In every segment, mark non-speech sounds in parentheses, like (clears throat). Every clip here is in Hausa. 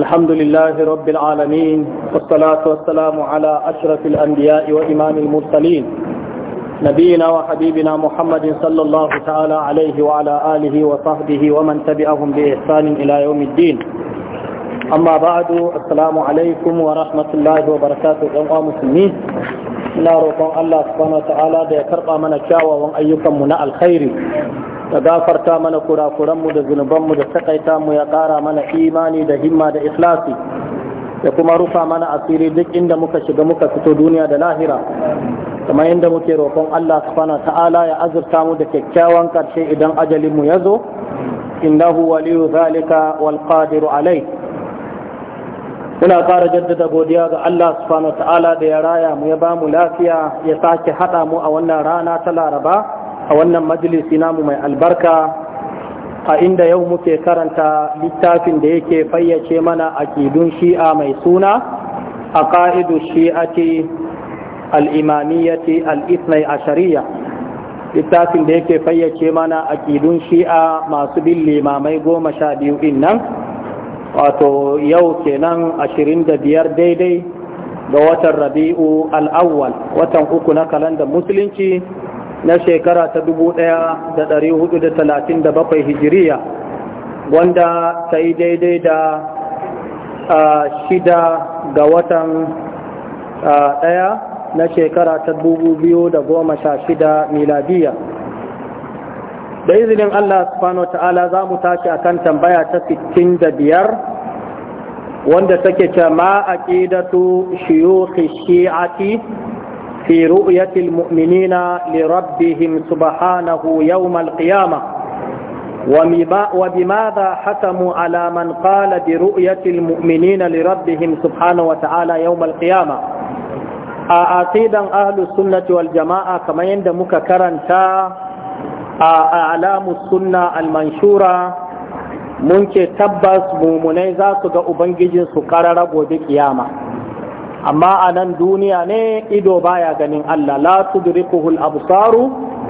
الحمد لله رب العالمين والصلاة والسلام على أشرف الأنبياء وإمام المرسلين نبينا وحبيبنا محمد صلى الله تعالى عليه وعلى آله وصحبه ومن تبعهم بإحسان إلى يوم الدين أما بعد السلام عليكم ورحمة الله وبركاته جمع مسلمين لا رقم الله سبحانه وتعالى بيكرقى من الشاوى وأن أيكم من الخير ta gafarta mana kurakuranmu da zunubanmu da takaita mu ya ƙara mana imani da himma da ikhlasi da kuma rufa mana asiri duk inda muka shiga muka fito duniya da lahira kamar inda muke roƙon Allah subhanahu ta'ala ya azurta mu da kyakkyawan karshe idan ajalin mu ya zo, innahu waliyu zalika wal qadir alai muna ƙara jaddada godiya ga Allah subhanahu ta'ala da ya raya mu ya ba mu lafiya ya sake hada mu a wannan rana ta Laraba a wannan majalisi namu mai albarka a inda yau muke karanta littafin da yake fayyace mana a kidun shi'a mai suna a ka'idu shi'ati al'imamiyyati al'isnai shari'a. littafin da yake fayyace mana a kidun shi'a masu bin limamai goma sha biyu in nan wato yau kenan ashirin da biyar daidai ga watan rabi'u al'awwal watan uku na kalandar musulunci na shekara ta da da da ɗari talatin bakwai hijiriya wanda ta yi daidai da shida ga watan ɗaya na shekara ta 2016 miladiya da izinin Allah subhanahu wa ta'ala za mu tashi akan tambaya ta biyar, wanda take ce ma aqidatu shuyukh shi'ati في رؤية المؤمنين لربهم سبحانه يوم القيامة وبماذا حكموا على من قال برؤية المؤمنين لربهم سبحانه وتعالى يوم القيامة أعطيدا أهل السنة والجماعة كما يندمك كرنتا أعلام السنة المنشورة منك تبس مؤمنين ذات أبنجج سكرر قيامة amma a nan duniya ne ido baya ganin Allah la tudrikuhul absaru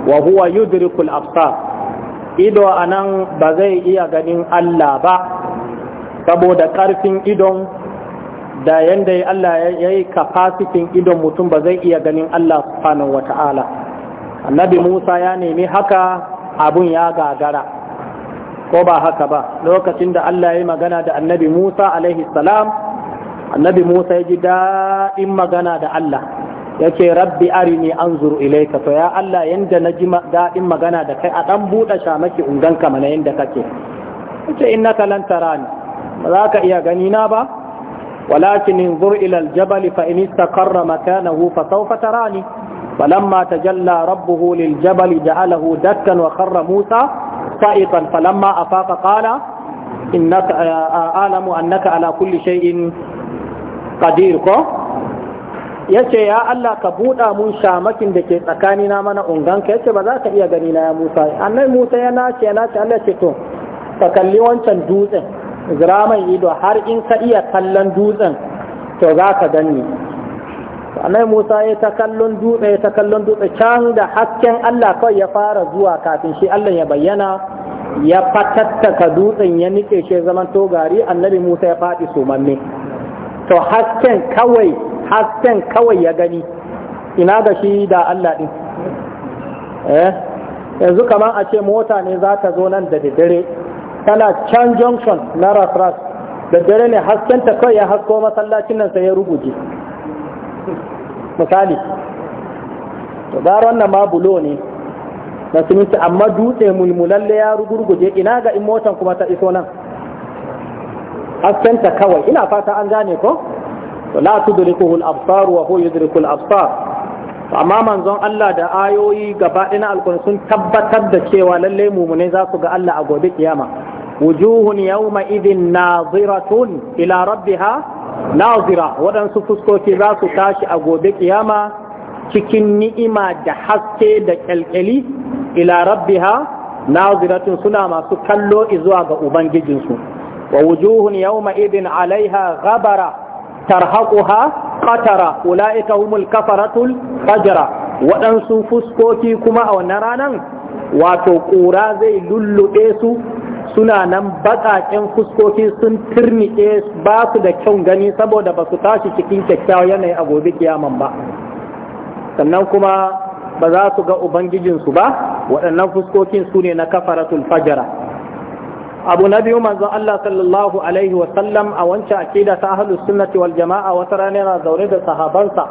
wa huwa yudrikul absar ido a nan ba zai iya ganin Allah ba saboda ƙarfin idon da yanda Allah ya yi kafasitin idon mutum ba zai iya ganin Allah subhanahu wa ta'ala annabi Musa ya nemi haka abun ya gagara ko ba haka ba lokacin da Allah ya yi magana da annabi Musa alaihi salam annabi Musa ya ji daɗin magana da Allah ya ce rabbi arini anzuru ilaika to ya Allah yanda na ji daɗin magana da kai a ɗan buɗe shamaki ungan ka mana yanda kake ya ce innaka lan tarani ba za ka iya gani na ba walakin inzur ila aljabal fa in istaqarra makanahu fa sawfa tarani فلما تجلى ربه للجبل جعله دكا وخر موسى صائقا فلما أفاق قال إنك أعلم أنك على كل شيء kadir ko ya ce ya Allah ka buɗa mun shamakin da ke tsakani na mana unganka ce ba za ka iya gani na ya Musa annai Musa ya nace ya nace Allah ce to ka kalli wancan dutsen ziraman ido har in ka iya kallon dutsen to za ka gani annai Musa ya ta kallon dutse ya ta kallon dutse can da hasken Allah kawai ya fara zuwa kafin shi Allah ya bayyana ya fatattaka dutsen ya nike shi zaman to gari annabi Musa ya faɗi sumanne to hasken kawai hasken kawai ya gani ina ga shi da Allah ɗin eh, yanzu kamar a ce mota ne za ta zo nan da dare, tana can junction na ras da dare ne hasken ta kawai ya hasko masallacin nan sai ya rubuce. misali to wannan ma bulo ne na siminti amma dutse mulmulalle ya rugurguje ina ga in motan kuma ta iso nan haskenta kawai ina fata an gane ko la tudrikuhu al-absar wa huwa yudrikul absar amma manzon Allah da ayoyi gaba ɗaya na alkur'ani sun tabbatar da cewa lalle mumune za su ga Allah a gobe kiyama wujuhun yawma idhin naziratun ila rabbiha nazira waɗansu fuskoki za su tashi a gobe kiyama cikin ni'ima da haske da kyalkyali ila rabbiha naziratun suna masu kallo zuwa ga ubangijinsu wa wujuhun yawma idin alaiha ghabara tarhaquha qatara ulaika humul kafaratul fajra waɗansu fuskoki kuma a wannan ranan wato ƙura zai lulluɓe su suna nan baƙaƙen fuskoki sun turnike ba su da kyau gani saboda ba su tashi cikin kyakkyawa yanayi a gobe kiyaman ba sannan kuma ba za su ga ubangijinsu ba waɗannan fuskokin su ne na kafaratul fajara abu na biyu manzo Allah sallallahu alaihi wa sallam a wancan akida ta ahlus sunnati wal jama'a wata rana yana zaune da sahabansa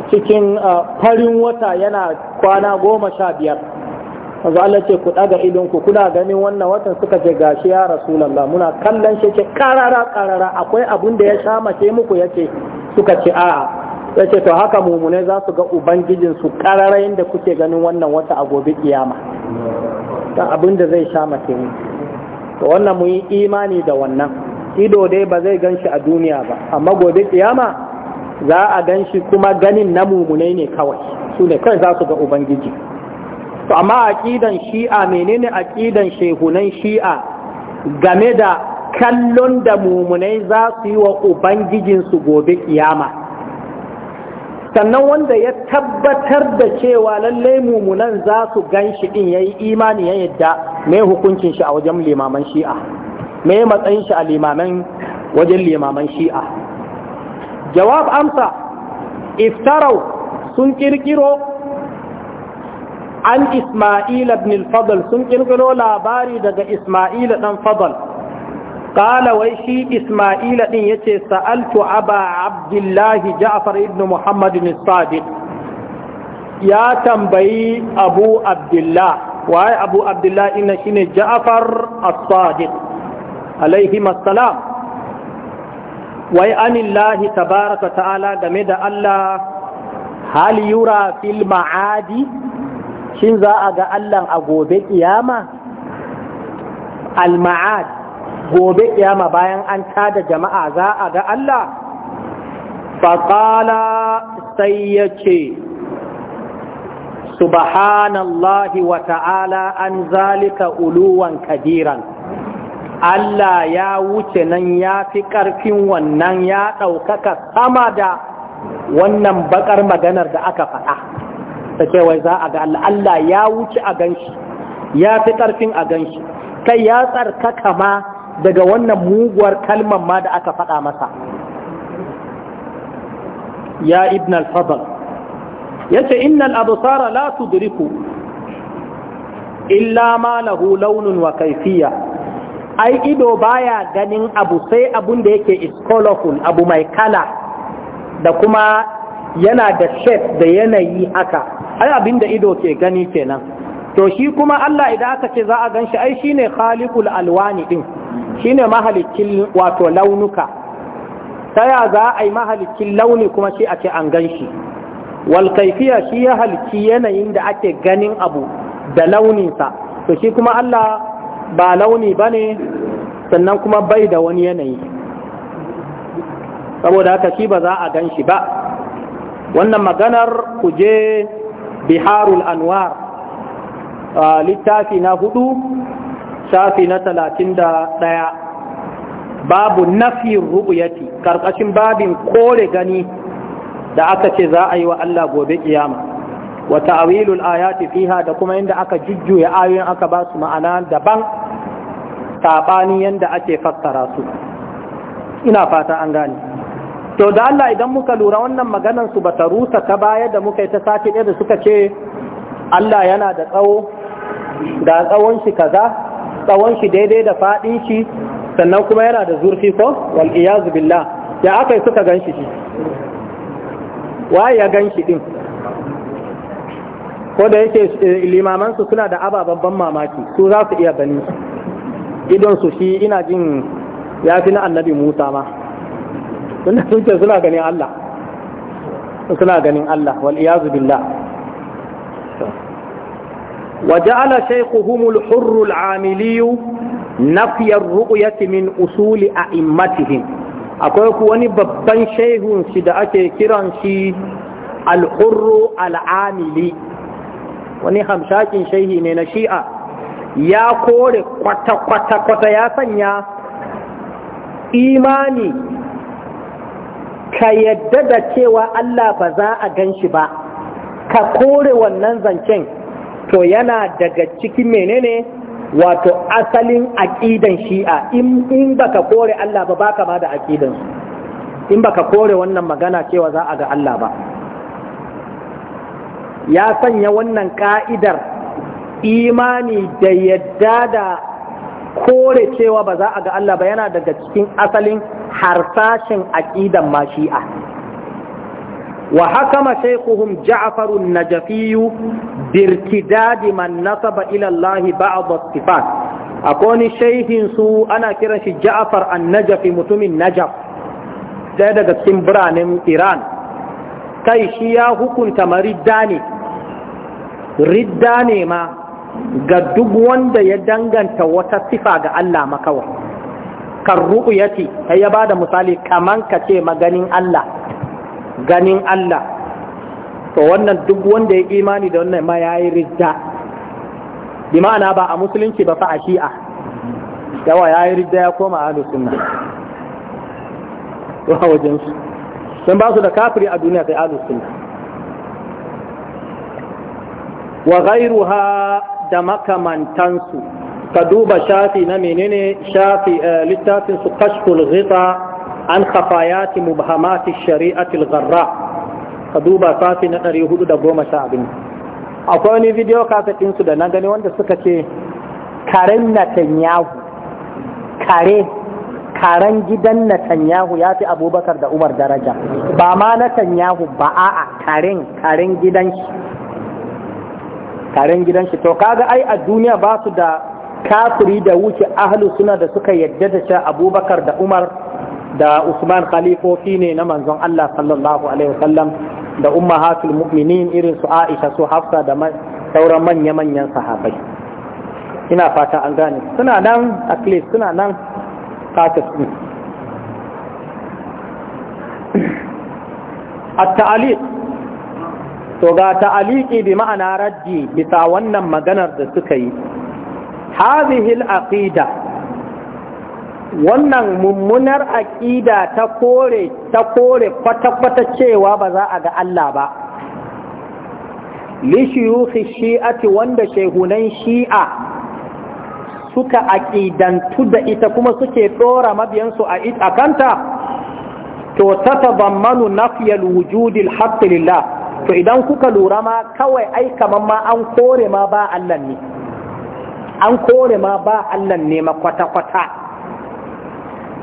a cikin farin wata yana kwana goma sha biyar manzo Allah ce ku daga idon ku kuna ganin wannan watan suka ce gashi ya rasulullah muna kallon shi ce karara karara akwai abun da ya sha mace muku yace suka ce a'a yace to haka mumune za su ga su karara da kuke ganin wannan wata a gobe kiyama ta abin da zai sha mace ne to wannan mu yi imani da wannan ido dai ba zai ganshi a duniya ba amma gobe kiyama za a ganshi kuma ganin na mumunai ne kawai su ne kai za su ga ubangiji to amma aqidan shi'a menene aqidan shehunan shi'a game da kallon da mumunai za su yi wa ubangijinsu gobe kiyama sannan wanda ya tabbatar da cewa lallai mumunan za su gan shi ɗin ya yi imani ya yadda me hukuncin shi a wajen limaman shi'a me matsayin shi a limaman wajen limaman shi'a jawab amsa iftarau sun kirkiro an isma'il ibn fadl sun kirkiro labari daga isma'il dan fadl qala wai shi isma'ila din yace sa'altu aba abdullahi ja'far ibn muhammad bin sadiq ya tambayi abu abdullah wai abu abdullah ina shine ja'far as-sadiq alaihi assalam wai anillahi tabaraka ta'ala game da Allah hal yura fil ma'adi shin za a ga Allah a gobe kiyama al ma'ad gobe kiyama bayan an tada jama'a za a ga Allah faƙala sai ya ce subhanallahi wa ta'ala an zalika uluwan kabiran Allah ya wuce nan ya fi ƙarfin wannan ya ɗaukaka sama da wannan bakar maganar da aka faɗa ta ce wai za a ga Allah Allah ya wuce a ganshi ya fi ƙarfin a ganshi kai ya tsarkaka ma daga wannan muguwar kalmar ma da aka faɗa masa ya ibn al-fadl yace innal absara la tudriku illa ma lahu launun wa kaifiya ai ido baya ganin abu sai abun da yake is colorful abu mai kala da kuma yana da shape da yanayi haka ai abin da ido ke gani kenan to shi kuma Allah idan aka ce za a gan shi ai shine khaliqul alwani din shine mahalicin wato launuka ta ya za a yi launi kuma shi a ce an gan shi wal shi ya halicci yanayin da ake ganin abu da launinsa to shi kuma Allah ba launi ba ne sannan kuma bai da wani yanayi saboda haka shi ba za a gan shi ba wannan maganar ku je biharul anwar littafi na hudu shafi na talatin da ɗaya babu nafi rubuyati karkashin babin kore gani da aka ce za a yi wa Allah gobe ƙiyama wata awilul ayati fiha da kuma yadda aka jujjuya ayoyin aka ba su ma'ana daban saɓani yadda ake fassara su ina fata an gane to da Allah idan muka lura wannan maganar su bata rusa ta baya da muka yi ta sati ɗaya da suka ce Allah yana da tsawo ga tsawon shi kaza tsawon shi daidai da faɗin shi sannan kuma yana da zurfi ko wal iyazu billah ya aka yi suka ganshi shi waye ya ganshi din ko da yake eh, limaman su suna da ababen ban mamaki su za su iya gani idon su shi ina jin ya fi na annabi Musa ma tunda sun ce suna ganin Allah suna ganin Allah wal iyazu billah وجعل شيخهم الحر العاملي نفي الرؤية من أصول أئمتهم akwai wani babban شيخ سيدا أكي كيران شي الحر العاملي wani hamshakin shehi ne na shi'a ya kore kwata-kwata-kwata ya sanya imani ka yadda da cewa Allah ba za a ba ka kore wannan zancen to yana daga cikin menene wato asalin aqidan shi'a in baka kore Allah ba baka ba da aƙidansu in baka kore wannan magana cewa za a ga Allah ba ya sanya wannan ka'idar imani da yadda da kore cewa ba za a ga Allah ba yana daga cikin asalin harsashin aƙidan ma shi'a wa hakama shaykhuhum Ja'far an-Najafi birtidadi man nasaba ila Allah ba'd as-sifat akwai shaykhin su ana kiran shi Ja'far an-Najafi mutumin Najaf daya daga cikin biranen Iran kai shi ya hukunta maridda ne ridda ne ma ga duk wanda ya danganta wata sifa ga Allah makawai kan ru'yati sai ya da misali kaman kace maganin Allah ganin Allah to wannan duk wanda ya imani da wannan ma yayi rijja. bi ma'ana ba a musulunci ba fa a shi'a yawa yayi rijja ya koma ahlus sunna to a wajen su sun ba su da kafiri a duniya sai ahlus sunna wa ghayruha da makamantansu ka duba shafi na menene shafi eh, littafin su kashkul ghita an khafayati mubhamati shari'ati al-gharra ka duba safi na 410 abin akwai wani video kasatin su da na gani wanda suka ce karen Netanyahu kare karen gidan Netanyahu ya fi Abubakar da Umar daraja ba ma Netanyahu ba a'a karen karen gidan shi karen gidan shi to kaga ai a duniya ba su da kafiri da wuce ahlu suna da suka yadda da cewa Abubakar da Umar da Usman khalifofi ne na manzon Allah sallallahu alaihi wasallam da ummahatul mu'minin irin su Aisha su Hafsa da sauran manya-manyan sahabai ina fata an gane suna nan at least suna nan kafin ɗin. (clears throat) at-ta'aliq to ga ta'aliki bi ma'ana raddi bisa wannan maganar da suka yi hadhihi al-aqida wannan mummunar aƙida ta kore ta kore kwata-kwata cewa ba za a ga Allah ba lishiyuhi shi'ati wanda shehunan shi'a suka aƙidantu da ita kuma suke ɗora mabiyansu a kanta to ta tabammanu nafiyal wujudil haqqi lillah to idan kuka lura ma kawai ai kaman ma an kore ma ba Allah ne an kore ma ba Allah ne ma kwata-kwata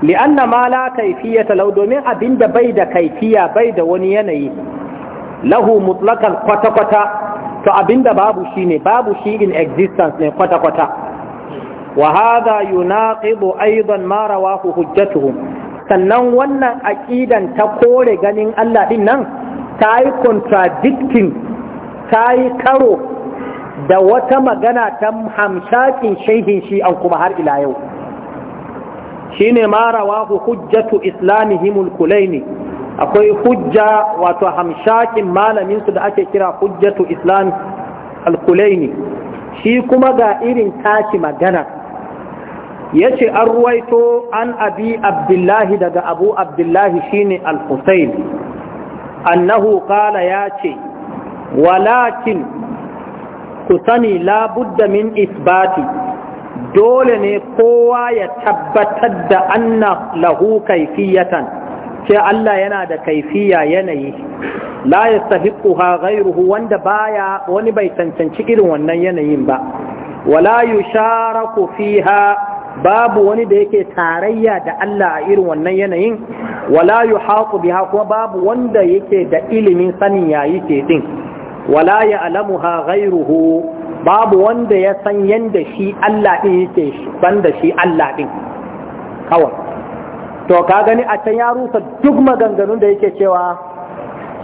li'anna ma la kaifiyata talau domin abinda bai da kaifiya bai da wani yanayi lahu mutlakan kwata-kwata to abinda babu shi ne babu shi in existence ne kwata-kwata wa hadha yunaqidu aidan ma rawahu hujjatuhum sannan wannan aqidan ta kore ganin Allah din nan ta yi contradicting ta yi karo da wata magana ta hamshakin shehin shi an kuma har ila yau shine ma rawahu hujjatu islamihim al-kulaini akwai hujja wato hamshakin malamin su da ake kira hujjatu islam al-kulaini shi kuma ga irin tashi magana yace an ruwaito an abi abdullahi daga abu abdullahi shine al-husayn annahu qala yace walakin ku sani labudda min isbati dole ne kowa ya tabbatar da anna lahu kaifiyatan ce Allah yana da kaifiya yanayi la yastahiquha ghayruhu wanda baya wani bai cancanci irin wannan yanayin ba wala yusharaku fiha babu wani da yake tarayya da Allah a irin wannan yanayin wala yuhaqu biha kuma babu wanda yake da ilimin sanin yayi ke din wala ya'lamuha ghayruhu babu wanda ya san yadda shi Allah ɗin yake banda shi Allah ɗin kawai to ka gani a can ya rusa duk maganganun da yake cewa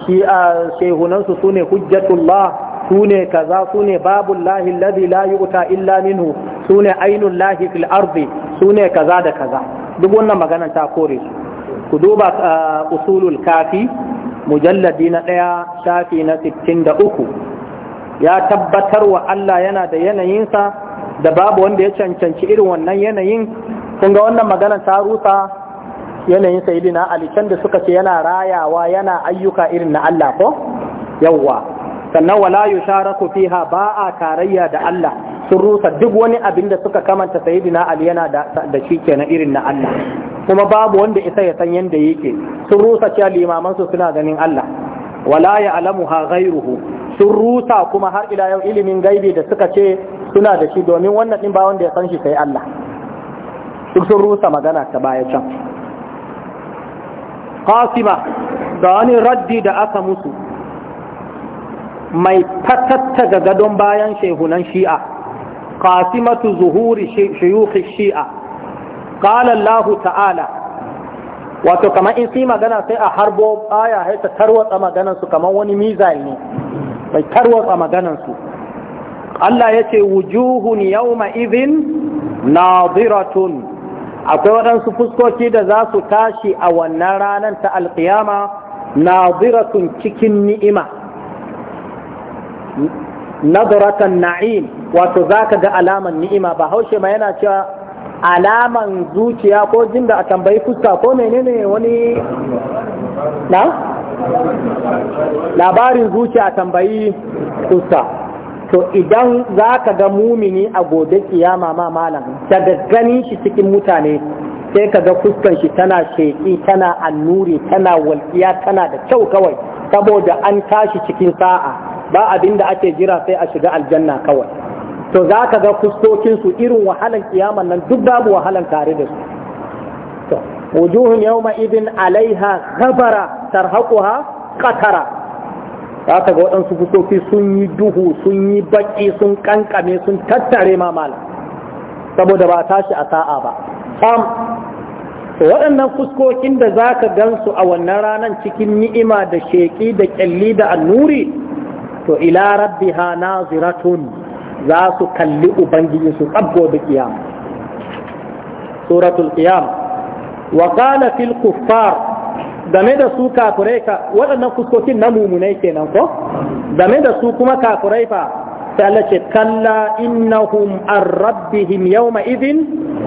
shi a shehunansu su ne hujjatullah su ne kaza su ne babullahi alladhi la yu'ta illa minhu su ne ainul lahi fil arzi su ne kaza da kaza duk wannan maganan ta kore su ku duba usulul kafi mujalladi na ɗaya shafi na 63 ya tabbatar wa Allah yana da yanayinsa da babu wanda ya cancanci irin wannan yanayin kun ga wannan magana ta rusa yanayin sayidina Ali can da suka ce yana rayawa yana ayyuka irin na Allah ko yawwa sannan wala yusharaku fiha ba tarayya da Allah sun rusa duk wani abin da suka kamanta sayidina Ali yana da shi kenan irin na Allah kuma babu wanda isa ya san yanda yake sun rusa cewa limaman suna ganin Allah wala ya alamu ha ghairuhu sun rusa kuma har ila yau ilimin gaibi da suka ce suna da shi domin wannan din ba wanda ya san shi sai Allah duk sun rusa magana ta baya can qasima da wani raddi da aka musu mai fatatta ga gadon bayan shehunan shi'a qasimatu zuhuri shuyukh shi'a qala Allah ta'ala wato kamar in si magana sai a harbo aya sai tarwatsa maganar su kamar wani mizal ne bai tarwatsa maganansu Allah ya ce wujuhun yawma idhin nadiratun akwai waɗansu fuskoki da za su tashi a wannan ranar ta alƙiyama nadiratun cikin ni'ima Nazaratan na'im wato zaka ga alaman ni'ima ba haushe ma yana cewa alaman zuciya ko jin a tambayi fuska ko menene wani na labarin zuciya tambayi kusa to idan za ka ga mumini a gobe kiyama ma malam daga ganin shi cikin mutane sai ka ga kuskan shi tana sheƙi tana annuri tana walƙiya tana da kyau kawai saboda an tashi cikin sa'a ba abin da ake jira sai a shiga aljanna kawai to za ka ga fuskokinsu irin wahalan kiyaman nan duk babu wahalan tare da su wujuhun yauma idin alaiha habara tarhaquha qatara za ga waɗansu fusofi sun yi duhu sun yi baƙi sun kankame sun tattare ma mala saboda ba tashi a sa'a ba sam waɗannan fuskokin da za ka gansu a wannan ranar cikin ni'ima da sheƙi da ƙyalli da annuri to ila rabbiha Ziratun za su kalli ubangiji su tsabgo da ƙiyam suratul ƙiyam wa qala fil kuffar game da su kafirai ka waɗannan fuskokin na mumunai kenan ko game da su kuma kafirai fa sai Allah ce kalla innahum an rabbihim yawma idhin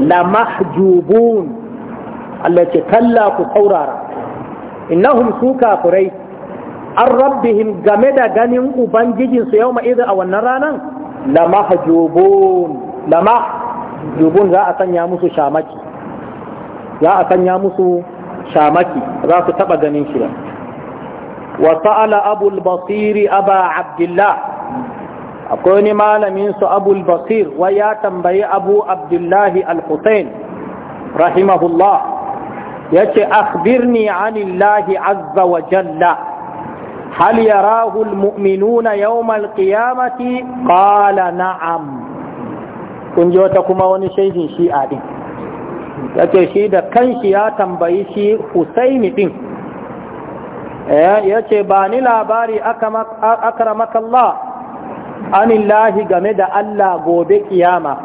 la mahjubun Allah ce kalla ku saurara innahum su kafirai an rabbihim game da ganin su yawma idhin a wannan ranan la mahjubun la mahjubun za a sanya musu shamaki za a sanya musu shamaki za su taɓa ganin shi ba wa sa'ala abul basiri aba abdullah akwai wani malamin su abul basir wa ya tambayi abu abdullahi al-husain rahimahullah yace akhbirni anillahi azza wa jalla هل يراه المؤمنون يوم القيامة قال na'am kun ji wata kuma wani shaidin shi'a din Ya ce shi da kanshi ya tambayi shi husaini din Ya ce ba ni labari akramakallah anillahi game da Allah gobe kiyama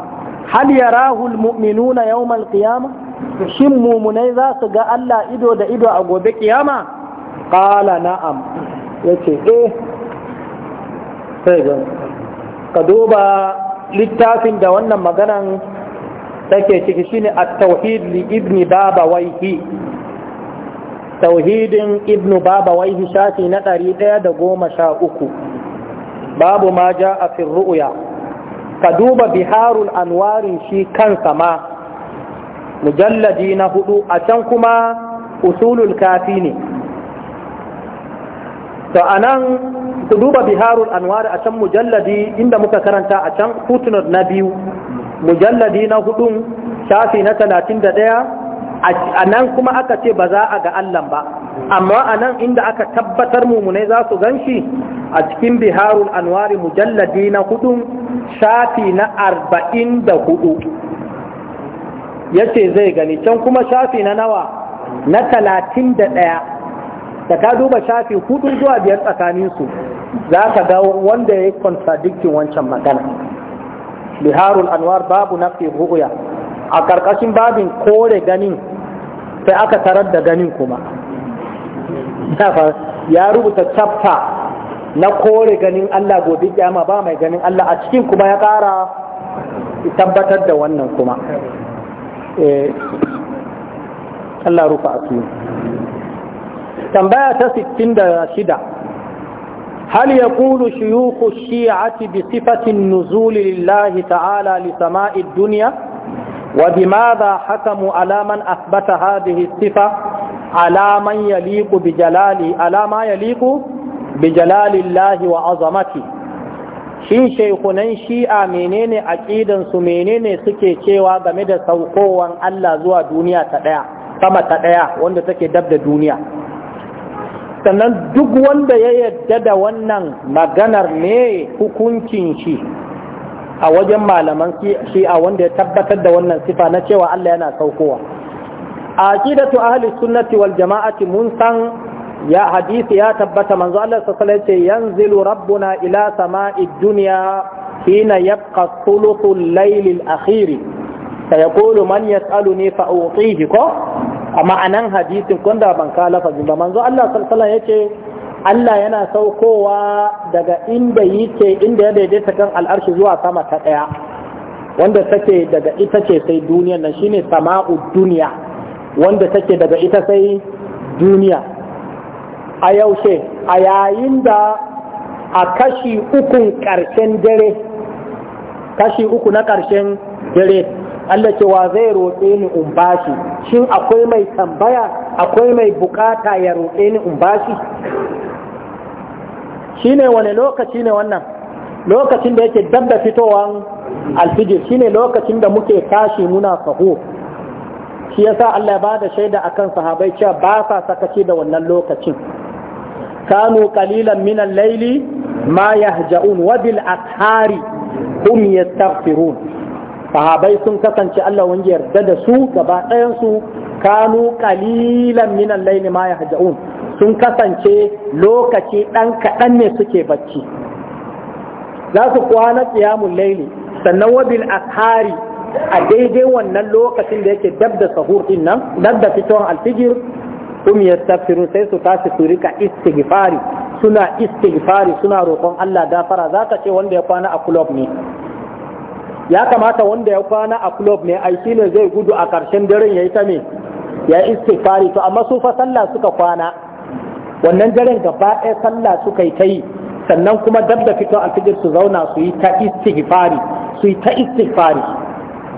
hal yarahu almu'minuna yawm kiyama shin mumunai za su ga Allah ido da ido a gobe kiyama kala na'am ce eh sai ga ka duba littafin da wannan maganan take ciki shine at-tauhid li ibni babawaihi tauhidin ibnu babawaihi shafi na ɗari ɗaya da goma sha uku babu ma ja a firru'uya ka duba biharul Anwari shi kansa ma mujalladi na hudu a can kuma usulul kafi ne to anan ku duba biharul Anwari a can mujalladi inda muka karanta a can footnote na biyu mujalladi na hudun shafi na talatin da ɗaya a nan kuma aka ce ba za a ga Allahn ba amma a nan inda aka tabbatar mummunai za su gan shi a cikin biharul anwari mujalladi na hudun shafi na arba'in da hudu ya ce zai gani can kuma shafi na nawa na talatin da ɗaya da ka duba shafi hudu zuwa biyar tsakaninsu za ka ga wanda ya yi kontradiktin wancan magana biharul anwar babu nafi ru'ya a karkashin babin kore ganin sai aka tarar da ganin kuma ya rubuta chapter na kore ganin Allah gobe kyama ba mai ganin Allah a cikin kuma ya kara tabbatar da wannan kuma eh, Allah rufa asiri tambaya ta 66 هل يقول شيوخ الشيعة بصفة النزول لله تعالى لسماء الدنيا وبماذا حكموا على من أثبت هذه الصفة على من يليق بجلال على ما يليق بجلال الله وعظمته shin shekunan shi'a menene aƙidansu menene suke cewa game da saukowan Allah zuwa duniya ta ɗaya sama ta ɗaya wanda take dab da duniya sannan duk wanda ya yadda da wannan maganar ne hukuncin shi a wajen malaman shi a wanda ya tabbatar da wannan sifa na cewa Allah yana saukowa a aqidatu ahli sunnati wal jama'ati mun san ya hadisi ya tabbata manzo Allah sallallahu alaihi wasallam yanzilu rabbuna ila sama'id dunya hina yabqa thuluthul layl al akhir sayaqulu man yas'aluni fa utihi ko a ma'anan hadisin kwanda ban kalafa jin ba manzo Allah sallallahu ya ce Allah yana saukowa daga inda yake inda ya daidaita kan al'arshi zuwa sama ta ɗaya wanda take daga ita ce sai duniya nan shine sama'u duniya wanda take daga ita sai duniya a yaushe a yayin da a kashi ukun karshen dare kashi uku na ƙarshen dare Allah cewa zai roƙe ni in bashi shin akwai mai tambaya akwai mai bukata ya roƙe ni in bashi shine wani lokaci ne wannan lokacin da yake dab da fitowan alfijir shine lokacin da muke tashi muna saho shi yasa Allah ya bada shaida akan sahabai cewa ba sa sakaci da wannan lokacin kanu qalilan min al-layli ma yahja'un wa bil athari hum yastaghfirun sahabai sun kasance Allah wani yarda da su gaba ɗayansu kanu kalilan minan laili ma ya haja'un sun kasance lokaci ɗan kaɗan ne suke bacci za su kwana tsiyamun laili sannan wabil ashari a daidai wannan lokacin da yake dab da sahur din nan dab da fitowar alfijir ya yastaghfirun sai su tafi su rika istighfari suna istighfari suna roƙon Allah gafara zaka ce wanda ya kwana a kulob ne ya kamata wanda ya kwana a club ne aiki ne zai gudu a ƙarshen daren yi ta me ya yi istifari to amma sufa fa sallah suka kwana wannan daren gaba ɗaya sallah suka yi ta yi sannan kuma dab da fito alfijir su zauna su yi ta istifari su yi ta istifari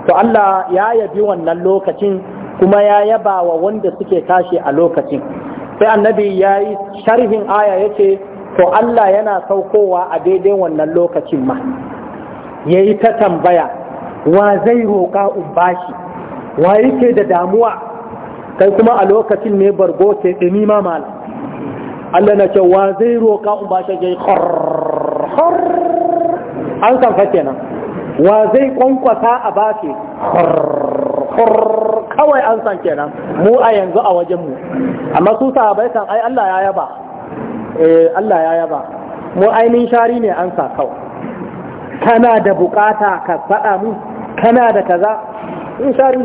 to Allah ya yabi wannan lokacin kuma ya yaba wa wanda suke tashi a lokacin sai annabi ya yi sharhin aya yace to Allah yana saukowa a daidai wannan lokacin ma ya yi ta tambaya wa zai roƙa umbashi wa yake da damuwa kai kuma a lokacin ne bargo ke ɗini ma Allah na ce wa zai roƙa umbashi ya yi har an kan fake nan wa zai kwankwasa a bashi har kawai an san kenan mu a yanzu a wajenmu amma su sahabai kan ai Allah ya yaba eh, Allah ya yaba mu ainihin shari ne an sa kawai kana da bukata ka faɗa mu kana da kaza in sari.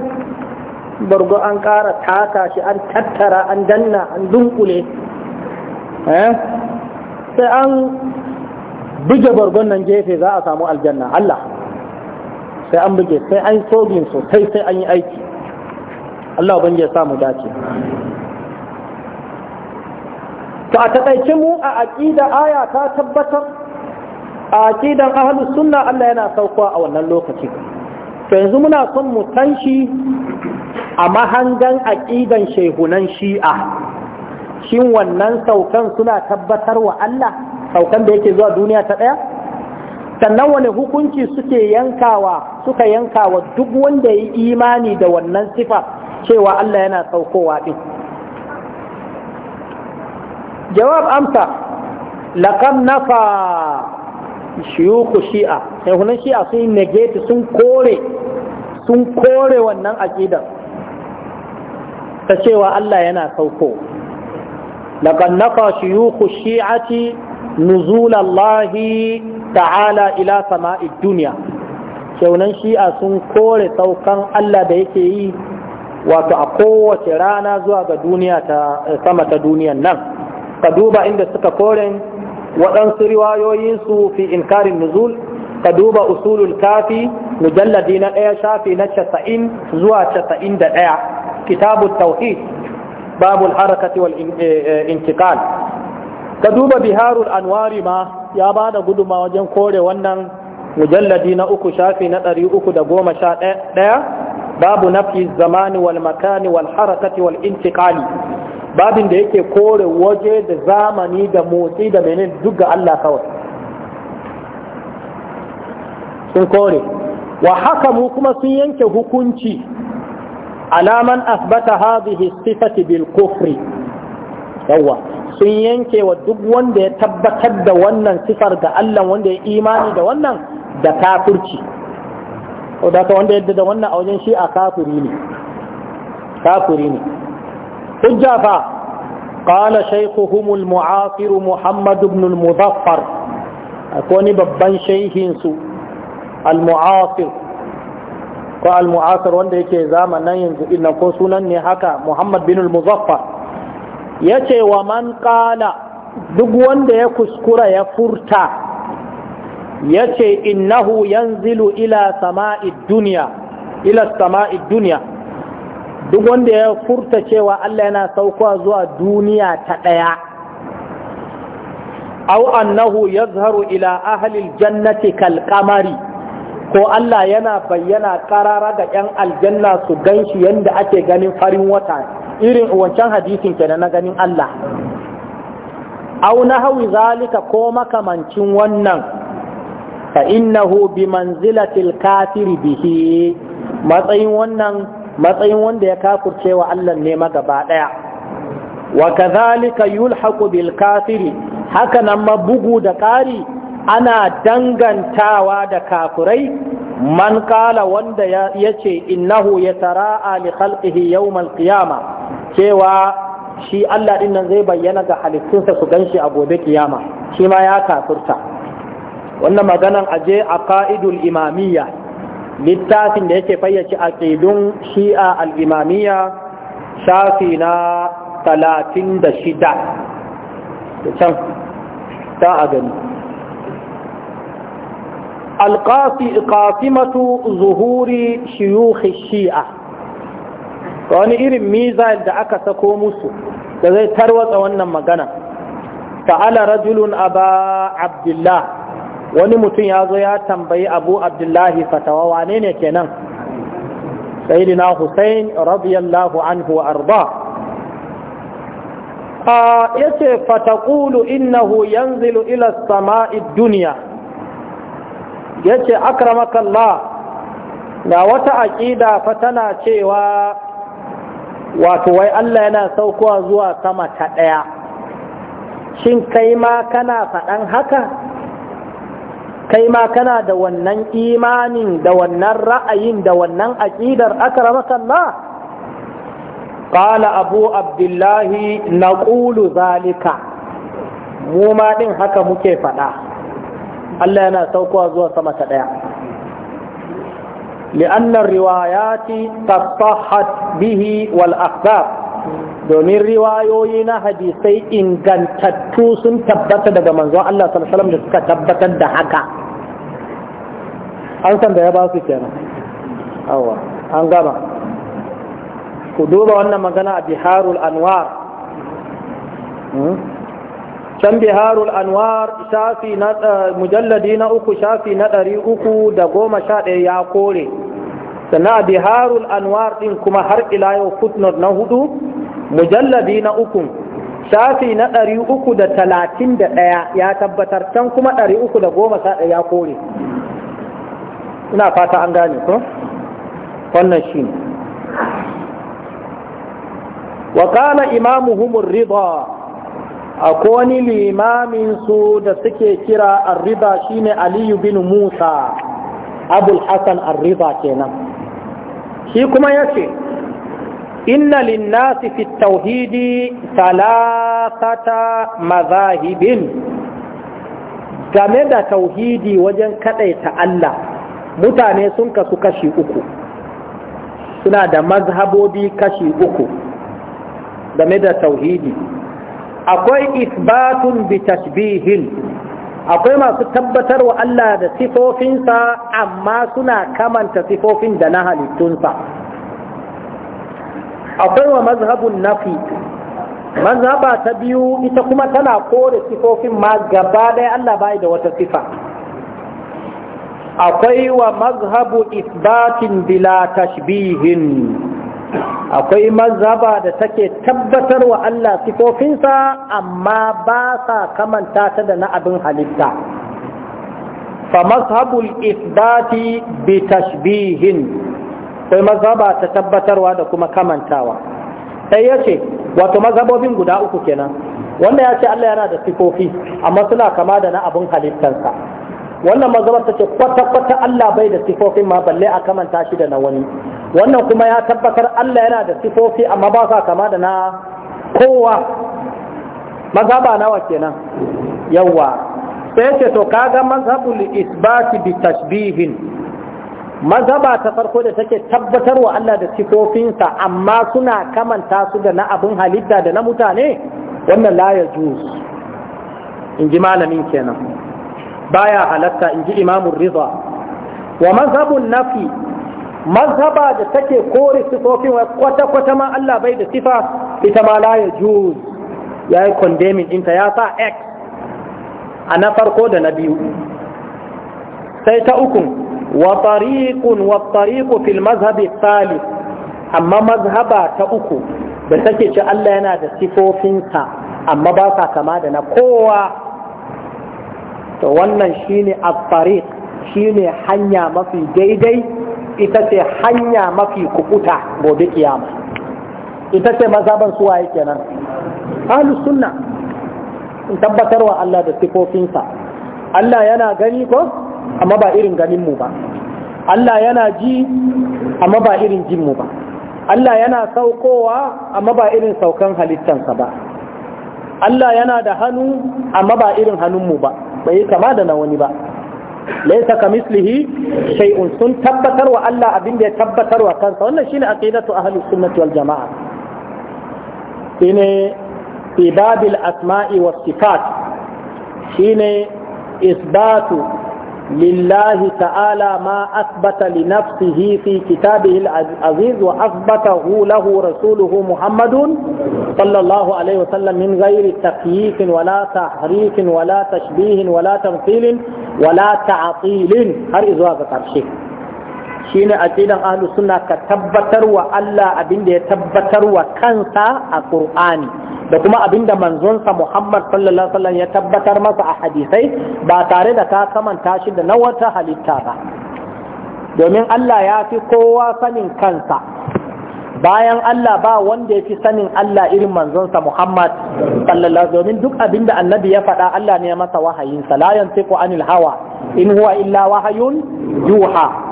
bargo an ƙara taka shi an tattara an danna an dunkule eh? sai an buge bargon nan gefe za a samu aljanna Allah sai an buge sai an sobin sosai sai an yi aiki Allah ban ya samu dace to a taƙaice mu a aƙida aya ta tabbatar a aqidan ahlus sunna Allah yana saukowa a wannan lokaci to yanzu muna son mu tanshi a mahangan aqidan shehunan shi'a shin wannan saukan suna tabbatar wa Allah saukan da yake zuwa duniya ta ɗaya? sannan wani hukunci suke yankawa suka yankawa duk wanda ya yi imani da wannan sifa cewa Allah yana saukowa din jawab amsa laqad nafa shiyuku shi'a hunan shi'a sun negate sun kore sun kore wannan aƙidar ta cewa Allah yana sauko laqad nafa shiyuku shi'ati nuzul Allah ta'ala ila sama'i dunya shehunan shi'a sun kore saukan Allah da yake yi wato a kowace rana zuwa ga duniya ta sama ta duniyan nan ka duba inda suka kore. waɗansu riwayoyinsu fi inkarin nuzul ka duba usulul kafi mujalladi na ɗaya shafi na casa'in zuwa casa'in da ɗaya kitabu tauhid babul harakati wal eh, eh, intikal ka duba biharul anwari ma ya ba da guduma wajen kore wannan mujalladi na uku shafi na ɗari uku da goma sha ɗaya babu nafi zamani wal makani wal harakati wal intikali babin da yake kore waje da zamani da motsi da menen duk ga Allah kawai sun kore wa haka mu kuma sun yanke hukunci alaman asbata hadhihi sifati bil kufri yawa sun yanke wa duk wanda ya tabbatar da wannan sifar ga Allah wanda ya imani da wannan da kafirci ko da wanda yadda da wannan a wajen shi a kafiri ne kafiri ne hujja fa qala shaykhuhum al-mu'asir Muhammad ibn al-Muzaffar akwai babban shaykhin su al-mu'asir ko al-mu'asir wanda yake zamanin yanzu ko sunan ne haka Muhammad bin muzaffar yace wa man qala duk wanda ya kuskura ya furta yace innahu yanzilu ila sama'id dunya ila sama'id dunya duk wanda ya furta cewa Allah yana saukowa zuwa duniya ta ɗaya au annahu yazharu ila ahlil jannati kal qamari ko Allah yana bayyana karara ga ‘yan aljanna su ganshi yadda ake ganin farin wata irin wancan hadisin kenan na ganin Allah au na hawi zalika ko makamancin wannan fa innahu bi manzilatil kafiri bihi matsayin wannan matsayin wanda ya kafurce wa Allah ne magaba daya wa kadhalika yulhaqu bil kafiri haka nan bugu da ƙari ana dangantawa da kafurai man kala wanda yace ce innahu ya tara'a li khalqihi yau qiyama cewa shi Allah din nan zai bayyana ga halittunsa su ganshi a gobe kiyama shi ma ya kafurta wannan maganan aje a ka'idul imamiyya littafin da yake fayyace aqidun shi'a al-imamiyya shafi na 36 can ta a gani alƙasimatu zuhuri shiyuhi shi'a wani irin mizal da aka sako musu da zai tarwatsa wannan magana ta'ala rajulun aba abdullah wani mutum ya zo ya tambayi abu abdullahi fatawa wane ne kenan sayyidina hussein radiyallahu anhu wa arda a yace fataqulu innahu yanzilu ila samai dunya yace akramakallah na wata aƙida fa tana cewa wato wai Allah yana saukowa zuwa sama ta ɗaya shin kai ma kana faɗan haka kai ma kana da wannan imanin da wannan ra'ayin da wannan aƙidar akramakallah qala abu abdullahi naqulu zalika mu ma din haka muke faɗa Allah yana saukowa zuwa sama ta ɗaya riwayati الروايات bihi wal والأخبار domin riwayoyi na hadisai ingantattu sun tabbata daga manzon Allah sallallahu alaihi wasallam da suka tabbatar da haka an san da ya ba su kenan awa an gama ku duba wannan magana a biharul anwar hmm? can biharul anwar shafi na eh, mujalladi na uku shafi na ɗari uku da goma sha ɗaya ya kore sannan biharul anwar din kuma har ila yau footnote na hudu mujalladi na uku shafi na ɗari uku da talatin da ɗaya ya tabbatar can kuma ɗari uku da goma sha ɗaya ya kore ina fata an gane ko wannan shi ne wa kala imamuhum rida akwai wani limamin su da suke kira arriba shine aliyu bin musa abul hasan arriba kenan shi kuma ya ce inna linnasi fi tauhidi talatata mazahibin game da tauhidi wajen kadaita Allah mutane sun kasu kashi uku suna da mazhabobi kashi uku game da tauhidi akwai isbatun bi tashbihin akwai masu tabbatar wa Allah da sifofinsa amma suna kamanta sifofin da na halittunsa akwai wa mazhabun nafi mazhaba ta biyu ita kuma tana kore sifofin ma gaba ɗaya Allah bai da wata sifa akwai wa mazhabu isbatin bila tashbihin akwai mazhaba da take tabbatar wa Allah sifofinsa amma ba sa kamanta ta da na abin halitta fa mazhabul isbati bi tashbihin akwai mazhaba ta tabbatarwa da kuma kamantawa sai ya ce wato mazhabobin guda uku kenan wanda ya ce Allah yana da sifofi amma suna kama da na abin halittansa wannan mazabar ta ce kwata-kwata Allah bai da sifofin ma balle a kamanta shi da na wani wannan kuma ya tabbatar Allah yana da sifofi amma ba sa kama da na kowa ba nawa kenan yawa sai ce to kaga mazhabul isbati bi tashbihin mazhaba ta farko da take tabbatar wa Allah da sifofinsa amma suna kamanta su da na abin halitta da na mutane wannan la yajuz in ji malamin kenan baya halatta in ji imamun riza wa mazhabun nafi mazhaba da take kore sifofin wa kwata-kwata ma Allah bai da sifa ita ma la ya juz ya yi condemning ɗinta ya sa x a na farko da na biyu sai ta ukun wa tariqun wa tariqu fil mazhabi salih amma mazhaba ta uku da take ci Allah yana da sifofinsa amma ba sa kama da na kowa to wannan shine at shi shine hanya mafi daidai ita ce hanya mafi kukuta gobe kiyama ita ce mazaban suwa yake nan ahlus sunna in tabbatarwa Allah da sifofinsa Allah yana gani ko amma ba irin ganin mu ba Allah yana ji amma ba irin jin mu ba Allah yana saukowa amma ba irin saukan halittansa ba Allah yana da hannu amma ba irin hannunmu ba bai yi kama da na wani ba laisa ka mislihi shay'un sun tabbatar wa Allah abin da ya tabbatar wa kansa wannan shine aqidatu ahli sunnati wal jamaa shine ibabil asma'i was sifat shine isbatu لله تعالى ما أثبت لنفسه في كتابه العزيز وأثبته له رسوله محمد صلى الله عليه وسلم من غير تقييف ولا تحريف ولا تشبيه ولا تمثيل ولا تعطيل هل إذ shine aqidan ahlus suna ka tabbatar wa Allah abinda ya tabbatar wa kansa a Qur'ani da kuma abinda manzonsa Muhammad sallallahu alaihi wasallam ya tabbatar masa a hadisai ba tare da ka kamanta shi da na wata halitta ba domin Allah ya fi kowa sanin kansa bayan Allah ba wanda ya fi sanin Allah irin manzonsa Muhammad sallallahu alaihi domin duk abinda annabi ya faɗa Allah ne ya masa wahayin sa la yantiqu anil hawa in huwa illa wahayun yuha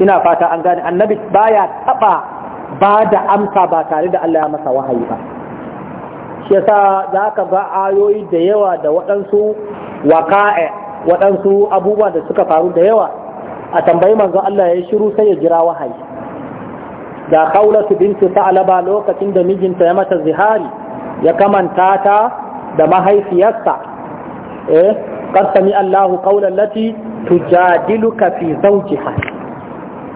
ina fata an gane annabi baya taba ba da amsa ba tare da Allah ya masa wahayi ba shi yasa za ka ga ayoyi da yawa da waɗansu waka'a waɗansu abubuwa da suka faru da yawa a tambayi manzo Allah ya shiru sai ya jira wahayi da kaulatu binti sa'alaba lokacin da mijinta ya mata zihari ya kamanta ta da mahaifiyarsa eh qad Allahu qawlan lati tujadiluka fi zawjiha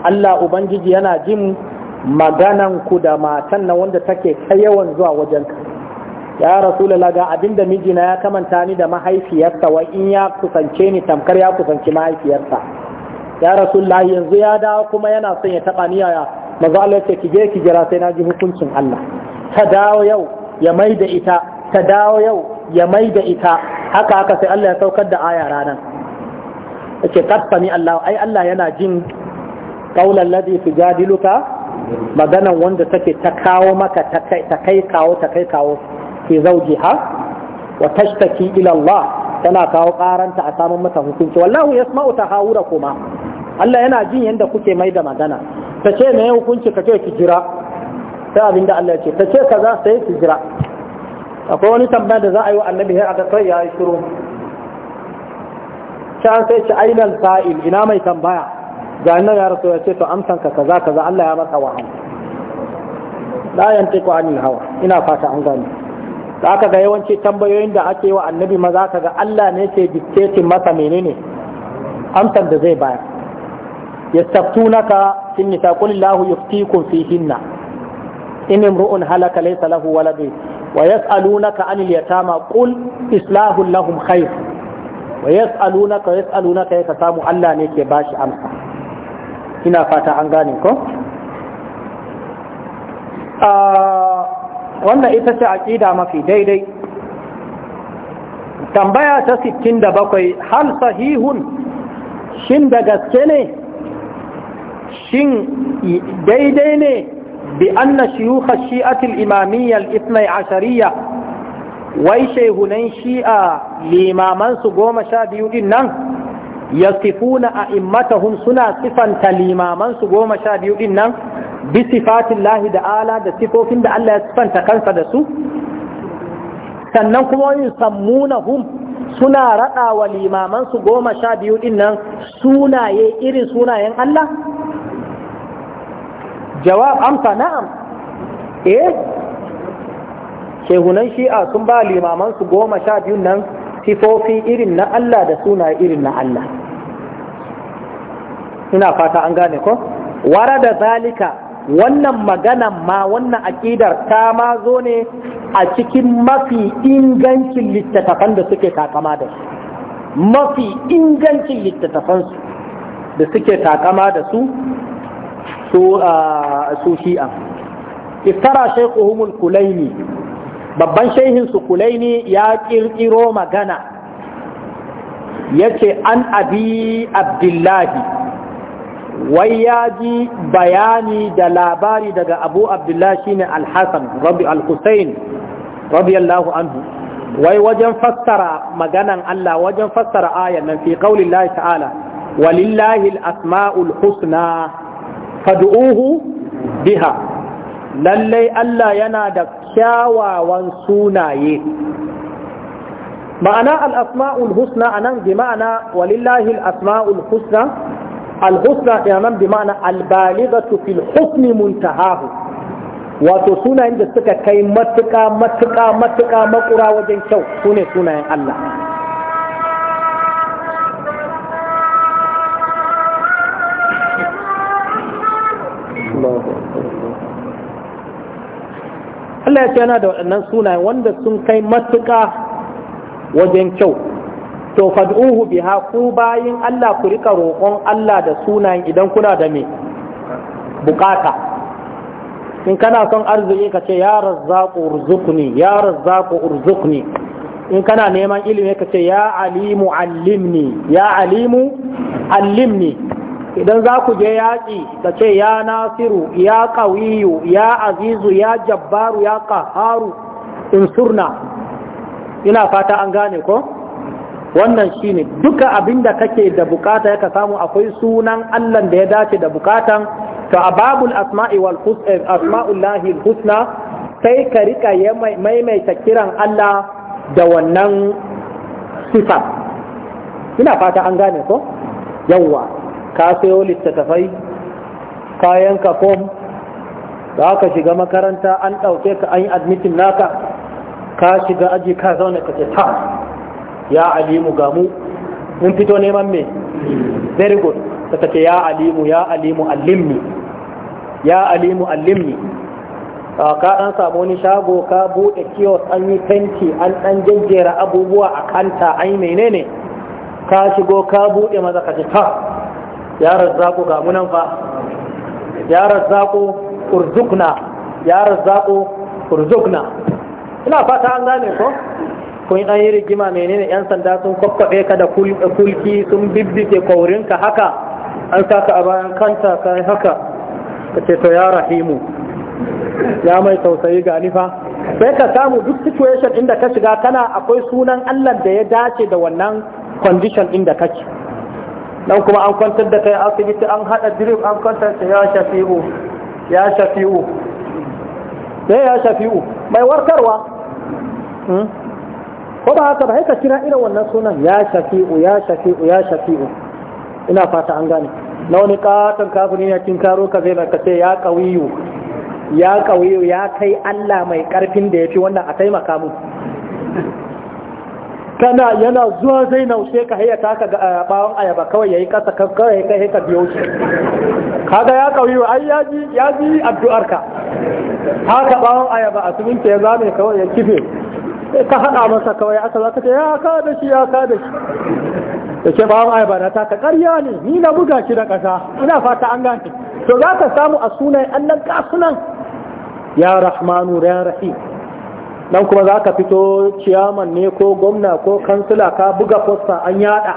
Allah Ubangiji yana jin maganan ku da matan na wanda take ta yawan zuwa wajen ka ya rasulullah ga abinda mijina ya kamanta ni da mahaifiyarsa wai in ya kusance ni tamkar ya kusanci mahaifiyarsa ya rasulullah yanzu ya dawo kuma yana son ya taba ni yaya maza Allah ce ki je ki jira sai na ji hukuncin Allah ta dawo yau ya mai da ita ta dawo yau ya mai da ita haka haka sai Allah ya saukar da aya ranan Ake kasfani Allah ai Allah yana jin Kaunar qaulan ladhi tujadiluka maganan wanda take ta kawo maka ta kai kawo ta kai kawo ke zauji ha. wa tashtaki ila Allah tana kawo karanta a samun mata hukunci wallahu ya yasma'u tahawura kuma Allah yana jin yadda kuke mai da magana ta ce me hukunci ka ce ki jira sai abinda Allah ya ce ta ce ka kaza sai ki jira akwai wani tambaya da za a yi wa annabi sai aka kai ya yi shiru can sai ci ainal sa'il ina mai tambaya ga annabi ya rasu ya ce to amsanka kaza kaza Allah ya maka wahayi la yantiqu anil hawa ina fata an gani. da aka ga yawanci tambayoyin da ake wa annabi maza ka ga Allah ne ke dictating masa menene amsar da zai bayar yastaftunaka fin nisa qul lahu yuftikum fihinna in imru'un halaka laysa lahu waladun wa yas'alunaka anil yatama qul islahul lahum khair wa yas'alunaka yas'alunaka ka samu Allah ne ke bashi amsa ina fata an gane ko ah, wannan ita ce aƙida mafi daidai tambaya ta 67 hal sahihun shin da gaske ne shin daidai ne bi anna shiyuha shi'atul imamiyyal ismai ashariya wai shehunan shi'a limaman su goma sha biyu din nan yasifuna a'immatahum suna sifanta limaman su goma sha biyu din nan bi lahi da ala da sifofin da Allah ya sifanta kansa da su sannan kuma yusammunahum suna rada wa limaman su goma sha biyu din nan sunaye irin sunayen Allah jawab amsa na'am eh shehunan shi'a sun ba limaman su goma sha biyun nan sifofi irin na Allah da suna irin na Allah ina fata an gane ko wara da zalika wannan maganan ma wannan aƙidar ta ma zo ne a cikin mafi ingancin littattafan da suke takama da su mafi ingancin littattafansu da suke takama da su su shi'a iftara shaikuhumul kulaini babban su kulaini ya ƙirƙiro magana yace an abi abdullahi wai ya ji bayani da labari daga abu abdullahi shine al rabi al-hussein radiyallahu anhu wai wajen fassara maganan Allah wajen fassara ayan nan fi qaulillahi ta'ala walillahi asmaul husna fad'uhu biha lallai Allah yana da kyawawan sunaye ma'ana alasma'ul husna anan bi ma'ana walillahi al-asma'ul husna alhusna ɗinan bi ma'ana albaligatu fil husni muntahahu wato sunayen da suka kai matuƙa matuƙa matuƙa makura wajen kyau sune sunayen Allah Allah ya ce yana da waɗannan sunayen wanda sun kai matuƙa wajen kyau to fad'uhu biha ku bayin Allah ku rika roƙon Allah da sunayen idan kuna da me bukata in kana son arziki ka ce ya razzaqu urzuqni ya razzaqu urzuqni in kana neman ilimi ka ce ya alimu allimni ya alimu allimni idan za ku je yaƙi ka ce ya nasiru ya ƙawiyu ya azizu ya jabbaru ya ƙaharu in surna ina fata an gane ko wannan shine duka abinda kake da bukata ya ka samu akwai sunan Allah da ya dace da bukatan to a babul asma'i wal eh, asma'ullahi husna sai ka rika maimaita kiran Allah da wannan sifa ina fata an gane ko yawwa ka sayo littattafai kayan ka kom da aka shiga makaranta an ɗauke ka an yi admitin naka ka shiga aji ka zaune ka ce ta ya alimu ga mu mun fito neman me very good ta ce ya alimu ya alimu allimni ya alimu allimni ka dan samu wani shago ka bude kiosk an yi tanki an dan jejjera abubuwa a kanta an yi menene ka shigo ka bude maza ka ce ta ya razzaku ga munan fa ya razzaku urzukna ya razzaku urzukna ina fata an gane ko kun an yi rigima menene yan sanda sun kwakwabe ka da kulki sun bibbike kaurinka haka an saka a bayan kanta ka haka ka ce to ya rahimu ya mai tausayi ga nifa sai ka samu duk situation inda ka shiga kana akwai sunan Allah da ya dace da wannan condition inda kake dan kuma an kwantar da kai asibiti an hada drip an kwantar da ya shafi'u ya shafi'u sai ya shafi'u mai warkarwa hmm? ko ba haka ba haka ka kira irin wannan sunan ya shafi'u ya shafi'u ya shafi'u ina fata an gane na wani katon kafin ya cin karo ka zai ka ce ya kawiyu ya kawiyu ya kai Allah mai karfin da ya fi wannan a taimaka mu kana yana zuwa zai naushe ka hayyata taka ga bawon ayaba kawai yayi kasa kawai kai ka biyo shi kaga ya kawiyu ai ya ji ya ji addu'arka haka bawon ayaba a cikin ya zame kawai ya kife ka haɗa masa kawai aka za ka ce ya ka da shi ya ka da shi da ke bawon ayaba na ta ƙarya ne ni na buga shi da ƙasa ina fata an gane to za ka samu a sunan annan kasunan ya rahmanu ya rahim nan kuma za ka fito ciyaman ne ko gwamna ko kansila ka buga fosta an yada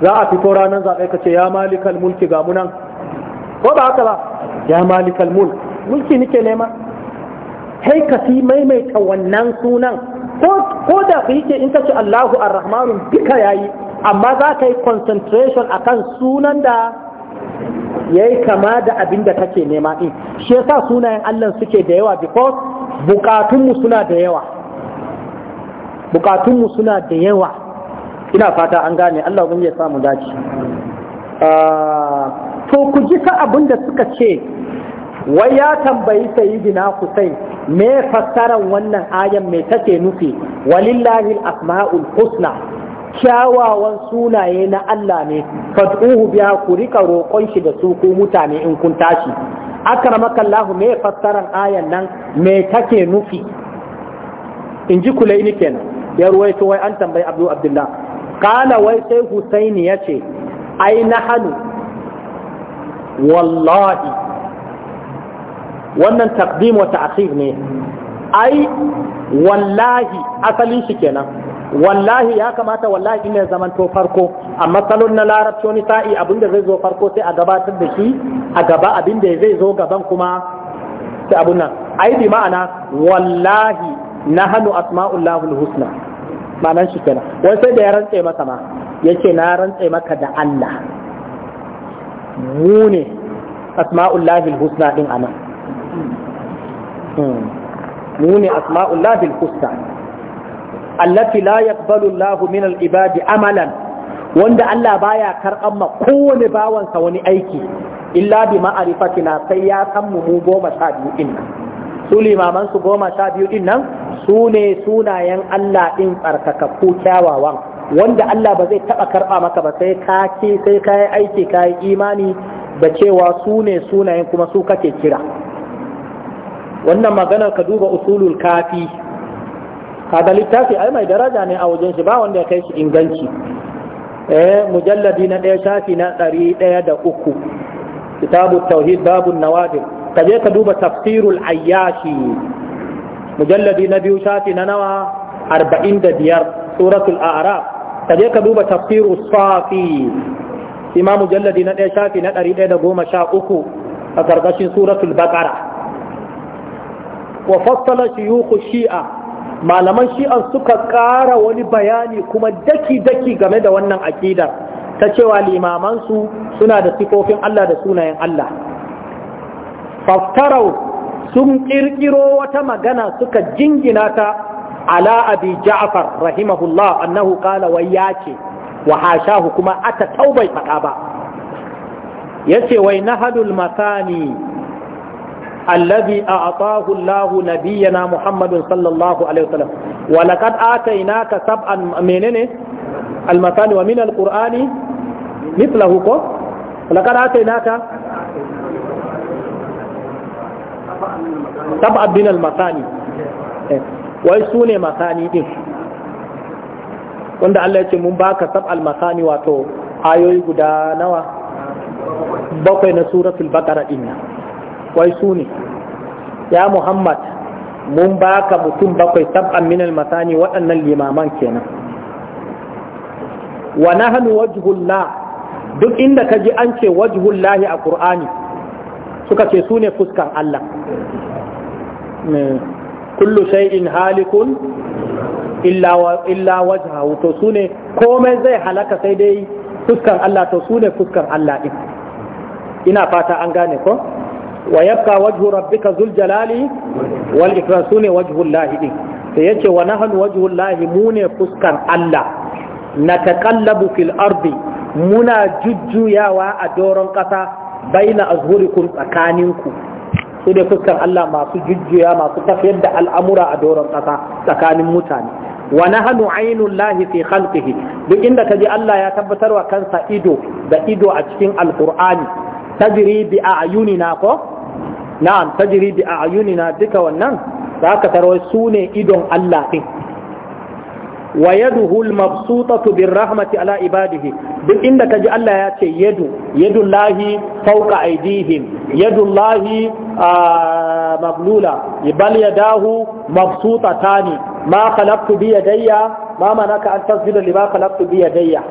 za a fito ranar zaɓe ka ce ya malikal mulki ga munan ko ba haka ba ya malikal mulki mulki nike nema Hai ka fi maimaita wannan sunan ko da ku yake in ka ce Allahu Ar-Rahmanu duka yayi amma za ka yi concentration akan sunan da yayi kama da abin da kake nema din shi yasa sunayen Allah suke da yawa because bukatunmu suna da yawa bukatunmu suna da yawa ina fata an gane Allah ya samu dace ah, to ku ji ka abin da suka ce wai ya tambayi sayyidina Hussein me fassaran wannan ayan me take nufi walillahi al-asma'ul husna kyawawan sunaye na Allah ne fad'uhu biya ku rika roƙon shi da su ku mutane in kun tashi akramaka Allah me fassaran ayan nan me take nufi in ji kulaini kenan ya ruwaito wai an tambayi Abdul Abdullah kana wai sai Husaini yace ai nahanu wallahi wannan takdim wa ta'khir ne ai wallahi asalin shi kenan wallahi ya kamata wallahi in zaman to farko amma salon na larabci wani sa'i abin da zai zo farko sai a gabatar da shi a gaba abin da zai zo gaban kuma sai abun nan ai bi ma'ana wallahi na hannu Lahul husna ma'anan shi kenan wai sai da ya rantse maka ma yace na rantse maka da Allah mu ne Lahul husna din anan Hmm. mu ne asma'ullah bil husna allati la yaqbalu Allah min al ibadi amalan wanda Allah baya karɓan ma kowane bawansa wani aiki illa bi ma'arifatina sai ya san mu goma sha biyu din nan su limaman su goma sha biyu din nan su ne sunayen Allah din tsarkakakku kyawawan wanda Allah ba zai taɓa karɓa maka ba sai ka ce sai yi aiki ka yi imani da cewa su ne sunayen kuma su kake kira wannan maganar ka duba usulul kafi Kada littafi ai mai daraja ne a wajen shi ba wanda ya kai shi inganci eh mujalladi na ɗaya shafi na ɗari ɗaya da uku kitabu tauhid babu nawadir ka je ka duba tafsirul ayyashi mujalladi na biyu shafi na nawa arba'in da biyar suratul a'raf ka je ka duba tafsirul safi imam mujalladi na ɗaya shafi na ɗari ɗaya da goma sha uku a ƙarƙashin suratul baƙara wa fassala shuyukhu shi'a malaman shi'an suka ƙara wani bayani kuma daki-daki game da wannan aƙidar ta cewa limamansu suna da sifofin Allah da sunayen Allah faftarau sun ƙirƙiro wata magana suka jingina ta ala abi ja'far rahimahullah annahu qala wai yace wa hashahu kuma ata taubai faɗa ba yace wai nahadul masani allazi a'tahu Allahu nabiyyana Muhammadun sallallahu alaihi wasallam wa laqad atainaka sab'an menene al-masani wa min al-qur'ani mithlahu ko laqad atainaka sab'an min al wai sune masani din wanda Allah ya ce mun baka sab'al masani wato ayoyi guda nawa bakwai na suratul baqara din wai su ne ya muhammad mun baka mutum bakwai sab'an minal masani waɗannan limaman kenan wa nahnu wajhullah duk inda ka ji an ce wajhullah a qur'ani suka ce su ne fuskan Allah kullu shay'in halikun illa wajha to su ne komai zai halaka sai dai fuskan Allah to su ne fuskan Allah din ina fata an gane ko wa yabqa wajhu rabbika zul jalali wal ikram sune wajhul lahi din sai yace wa nahnu wajhul lahi mu ne fuskar Allah nataqallabu fil ardi muna jujjuyawa a doron kasa baina azhurikum tsakaninku su ne Allah masu jujjuya masu tafiyar da al'amura a doron kasa tsakanin mutane Wani hannu ainul lahi fi khalqihi duk inda ka kaji Allah ya tabbatar wa kansa ido da ido a cikin alqur'ani tajri a ayunina ko na'am tajri bi a'yunina duka wannan za ka tarwa su ne idon Allah din wa yaduhu al-mabsutatu bir rahmati ala ibadihi duk inda kaji Allah ya ce yadu yadullahi fawqa aydihim yadullahi maglula bal yadahu mabsutatani ma khalaqtu bi yadayya ma manaka an tasjuda lima khalaqtu bi yadayya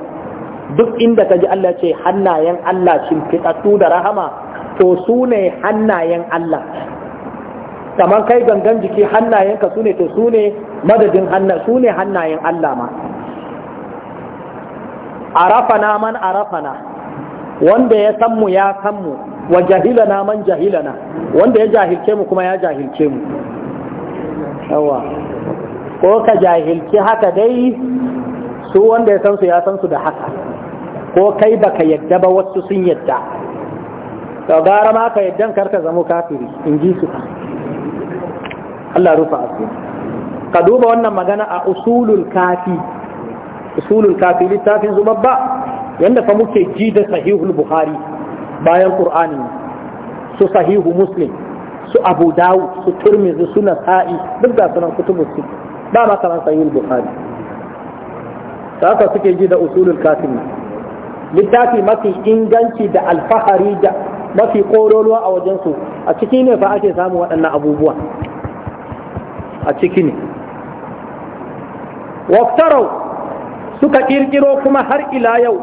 duk inda kaji Allah ya ce hannayen Allah shimfiɗattu da rahama to su ne hannayen Allah kamar kai gangan jiki hannayenka su ne to su ne madadin su ne hannayen Allah ma arafana man arafana wanda ya san mu ya san mu wa jahilana man jahilana wanda ya jahilce mu kuma ya jahilce mu yawa ko ka jahilci haka dai su wanda ya san su ya san su da haka ko kai baka yadda ba wasu sun yadda to gara ma ka yaddan karka zamo kafiri in ji su Allah rufa asiri ka duba wannan magana a usulul kafi usulul kafi littafin su babba yanda fa muke ji da sahihul bukhari bayan qur'ani su sahihu muslim su abu dawud su turmizi su nasa'i duk da sunan kutubus ba ma kaman sahihul bukhari haka suke ji da usulul kafi littafi mafi inganci da alfahari da mafi ƙoroluwa a wajensu a ciki ne fa ake samun waɗannan abubuwa a ciki ne waftarau suka ƙirƙiro kuma har ila yau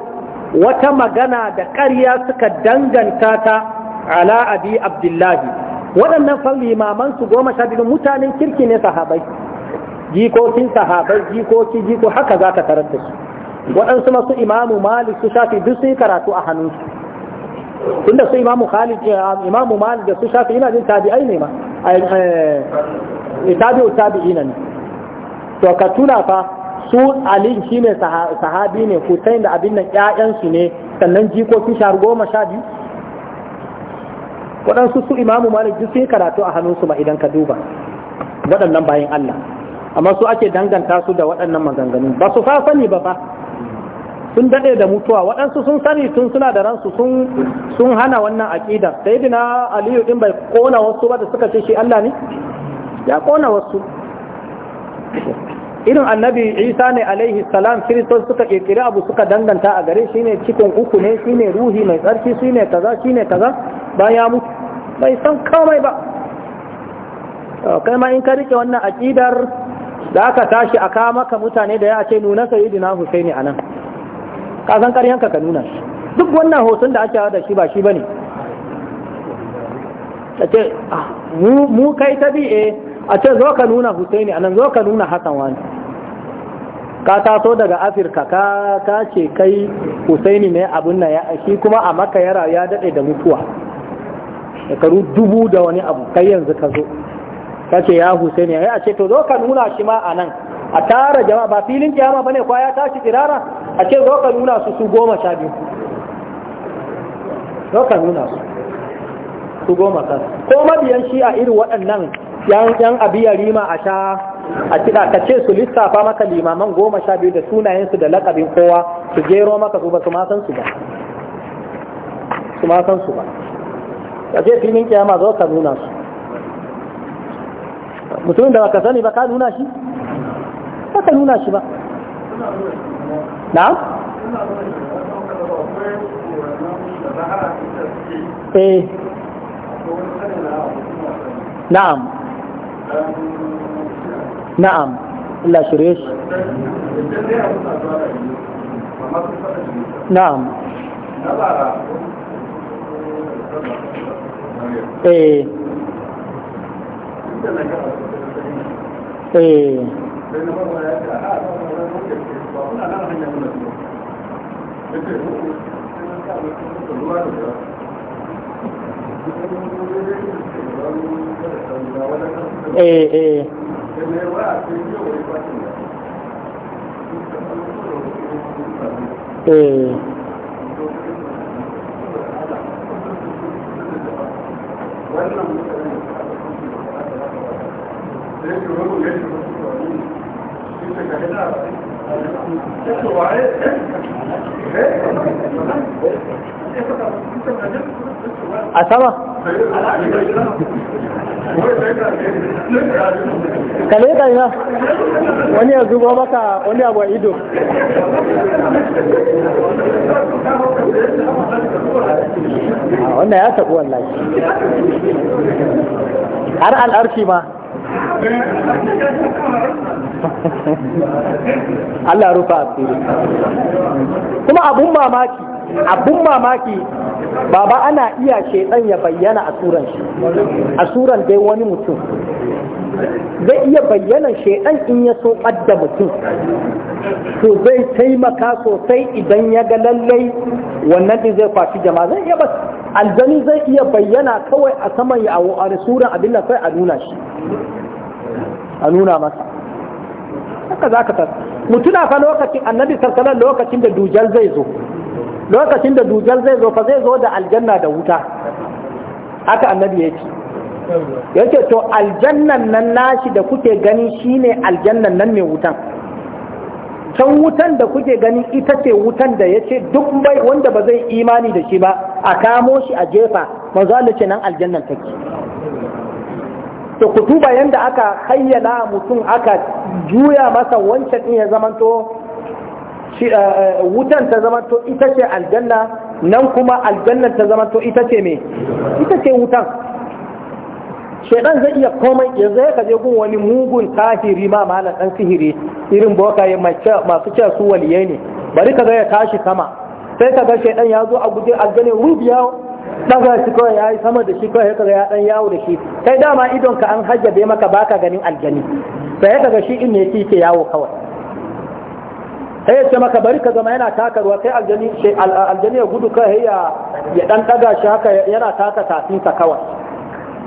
wata magana da ƙarya suka danganta ta ala abi abdullahi waɗannan fa limaman su goma sha biyu mutanen kirki ne sahabai jikokin sahabai jikoki jiko haka za ka tarar da su waɗansu masu imamu malik su shafi duk sun karatu a hannunsu tunda su imamu Khalid eh, imamu Malik da su Shafi ina jin tabi'ai ne ma eh, eh, tabi'u tabi'ina ne to ka tuna fa su Ali shine sahabi ne sai da abin nan su ne sannan jikokin shahar goma sha biyu waɗansu su imamu Malik duk sun karatu a hannun su ba idan ka duba waɗannan bayan Allah amma su ake danganta su da waɗannan maganganun ba su fa sani ba fa sun daɗe da mutuwa waɗansu sun sani tun suna da ransu sun hana wannan aƙida sai dina aliyu ɗin bai ƙona wasu ba da suka ce shi Allah ne ya ƙona wasu irin annabi isa ne alaihi salam kiristo suka ƙirƙiri abu suka danganta a gare shi ne cikin uku ne shi ne ruhi mai tsarki shi ne kaza shi ne kaza bayan ya mutu bai san komai ba kai ma in ka riƙe wannan aƙidar da aka tashi a kama ka mutane da ya ce nuna sayidina husaini a nan ka san ƙaryanka ka nuna shi duk wannan hoton da ake da shi ba shi ba ne. ta ce ah, mu kai ta bi eh, a ce zo ka nuna husaini nan zo ka nuna hassan wani ka taso daga afirka ka ce kai husaini ne abin na shi kuma a maka yara ya daɗe da mutuwa shekaru dubu da wani abu kai yanzu ka zo ka ce ya husaini ya ce to zo ka nuna shi ma a nan a tara jama'a ba filin kiyama ne kwa ya tashi tsirara a ce zo ka nuna su su goma sha biyu zo ka nuna su su goma sha ko mabiyan shi a irin waɗannan yan yan abiya rima a sha a kiɗa ka ce su lissafa maka limaman goma sha biyu da sunayensu da lakabin kowa su gero maka su ba su ma san su ba su ma san su ba Ka ce filin kiyama zo ka nuna su mutumin da baka sani ba ka nuna shi ba ka nuna shi ba نعم ايه نعم نعم لا شريش نعم ايه ايه ba kuna nan hanya kuna zuwa ya da Eh eh. Eh. a sama kale ka ina wani ya zubo maka wani abu a ido wannan ya taɓi wallahi har al'arshi ma Allah rufa asiri kuma abun mamaki abun mamaki baba ana iya shaidan ya bayyana a turan shi a turan dai wani mutum zai iya bayyana shaidan in ya so da mutum to zai taimaka sosai idan ya ga lallai wannan din zai kwaci jama'a zai iya bas aljani zai iya bayyana kawai a saman ya a suran abin sai a nuna shi a nuna masa haka za ka tafi mutuna fa lokacin annabi sarkalar lokacin da dujal zai zo lokacin da dujal zai zo fa zai zo da aljanna da wuta haka annabi ya ce ya ce to aljannan nan nashi da kuke gani shine aljannan nan mai wutan can wutan da kuke gani ita ce wutan da ya ce duk mai wanda ba zai imani da shi ba a kamo shi a jefa manzo Allah ce nan aljannan take to ku duba yadda aka hayyana mutum aka juya masa wancan ɗin ya zamanto eh, eh, wutan ta zamanto ita ce aljanna nan kuma aljannan ta zamanto ita ce me ita ce wutan shaidan zai iya komai yanzu ka kaje gun wani mugun tahiri ma malam dan sihiri irin bokaye masu cewa su waliyai ne bari ka ga ya tashi sama sai ka ga shaidan ya zo a guje aljanna rubiya daga shi kawai ya yi sama da shi kawai ya ya dan yawo da shi kai dama idon ka an hajjabe maka baka ganin aljani sai ya ga shi in ne yake yawo kawai sai ya ce maka bari ka zama yana taka ruwa kai aljani aljani ya gudu kai ya ya dan daga shi haka yana taka tafin kawai. kawai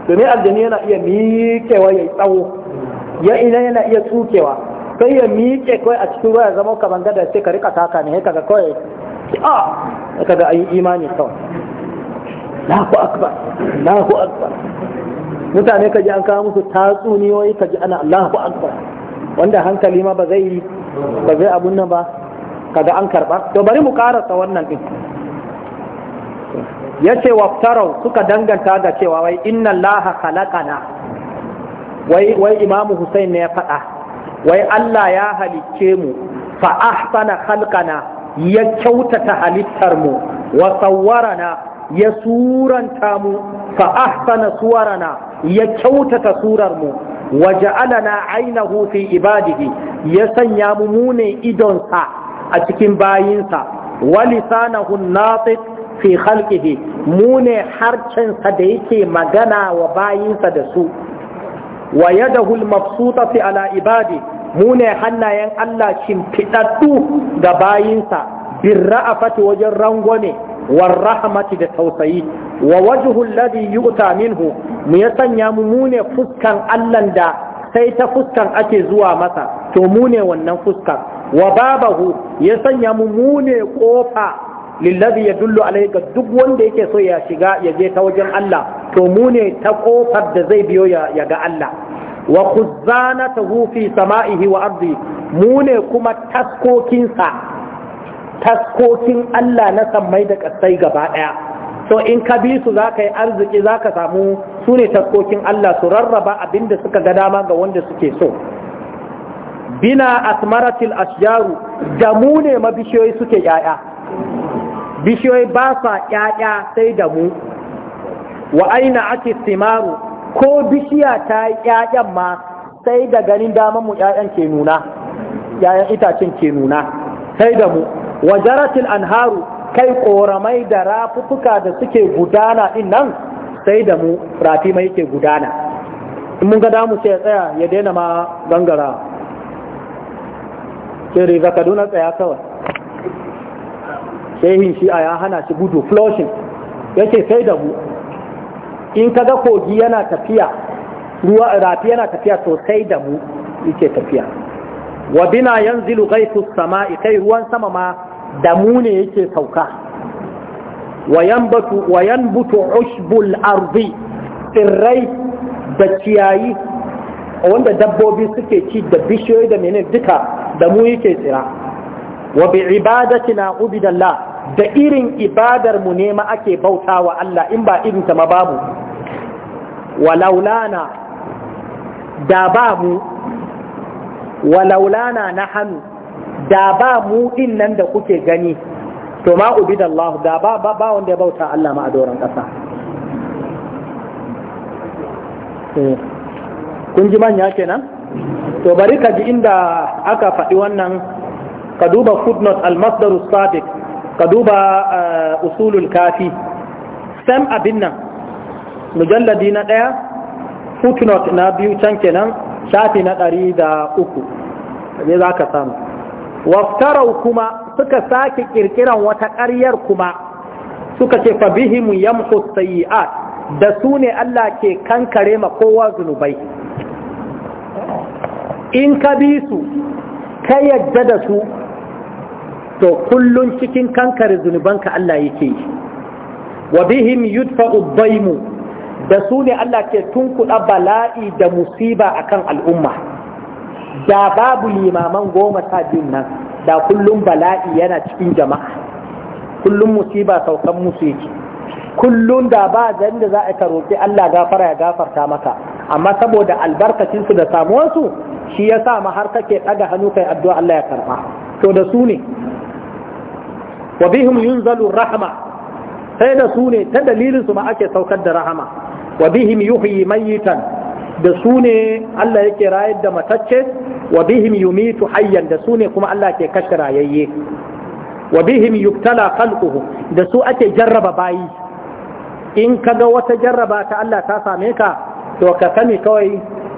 domin aljani yana iya miƙewa ya tsawo ya ina yana iya tsukewa sai ya miƙe kawai a cikin ruwa ya zama kamar gada sai ka rika taka ne kaga kawai a ah, kaga ayi imani kawai Allahu akbar Allahu akbar mutane kaji an kawo musu tatsuniyoyi kaji ana Allahu akbar wanda hankali ma ba zai ba zai abun nan ba kaga an karba to bari mu karasa wannan din yace waftarau suka danganta da cewa wai inna Allaha khalaqana wai wai Imam Hussein ne ya faɗa wai Allah ya halicce mu fa ahsana khalqana ya kyautata halittar mu wa sawwarana ya suranta mu fa ahsana suwarana ya kyautata surar mu wa ja'alana ainahu fi ibadihi ya sanya mu mune idon sa a cikin bayinsa wa lisanahu natiq fi khalqihi mune sa da yake magana wa bayinsa da su wa yadahu al-mabsuta fi ala ibadi mune hannayen Allah shimfiɗaɗɗu ga bayinsa birra'afati wajen rangwane. والرحمة التوسعي ووجه الذي يؤتى منه ميسن يممون فسكا ألن دا سيت فسكا أكي زوا مسا تومون ونن فسكا وبابه يسن ƙofa قوفا ya yadullu alai ga duk wanda yake so ya shiga ya je ta wajen Allah to mune ta ƙofar da zai biyo ya ga Allah wa khuzanatahu fi sama'ihi wa ardi mu ne kuma taskokinsa taskokin Allah na sammai da ƙasai gaba ɗaya so in ka bi su za ka yi arziki za ka samu su ne taskokin Allah su rarraba abin da suka ga dama ga wanda suke so bina asmaratil ashjaru da mu ne ma bishiyoyi suke yaya bishiyoyi ba sa yaya sai da mu wa aina ake simaru ko bishiya ta yayan ma sai da ganin damanmu mu yayan ke nuna yayan itacen ke nuna sai da wajaratil anharu kai koramai da rafuka da suke gudana din nan sai da mu rafi mai yake gudana in mun ga mu sai ya tsaya ya daina ma gangara sai riga kaduna tsaya kawai shehin shi a ya hana shi gudu flushing yake sai da mu in kaga kogi yana tafiya ruwa rafi yana tafiya sosai da mu yake tafiya wa bina yanzilu ghaythu samai kai ruwan sama ma da mu ne yake sauka wayan butu ushbul arzi tsirrai da ciyayi wanda dabbobi suke ci da bishiyoyi da menene duka da mu yake tsira wa bi ibadati na ubidallah da irin ibadar mu ne ma ake bauta wa Allah in ba irin ta ma babu walaulana da ba mu walaulana na hannu da ba mu din nan da kuke gani to ma ubidallahu da ba ba wanda ya bauta Allah ma a doron kasa eh. kun ji manya kenan to bari ka ji inda aka faɗi wannan ka duba footnote al-masdaru sabiq ka duba eh, usulul kafi sam abin nan mujalladi na ɗaya footnote na biyu can kenan shafi na ɗari da uku ne za ka samu waftarau kuma suka sake kirkiran wata ƙaryar kuma suka ce fa bihim yamhu da su ne Allah ke kankare ma kowa zunubai in ka bi su ka yadda da su to kullun cikin kankare zunubanka Allah yake yi wa bihim yudfa'u daimu da su ne Allah ke tunkuɗa bala'i da musiba akan al'umma da babu limaman goma sha biyun nan da kullum bala'i yana cikin jama'a kullum musiba saukan musu yake kullum da ba zan da za a ka roƙi Allah gafara ya gafarta maka amma saboda albarkacin su da su, shi ya sa ma har kake ɗaga hannu kai addu'a Allah ya karɓa to da su ne wa bihim yunzalu rahma sai da su ne ta dalilin su ma ake saukar da rahama wa bihim yuhyi mayitan da su ne Allah yake rayar da matacce wa bihim yumitu hayyan da su ne kuma Allah ke kashe rayayye wa bihim yuktala khalquhu da su ake jarraba bayi in kaga wata jarraba ta Allah ta same ka to ka sani kawai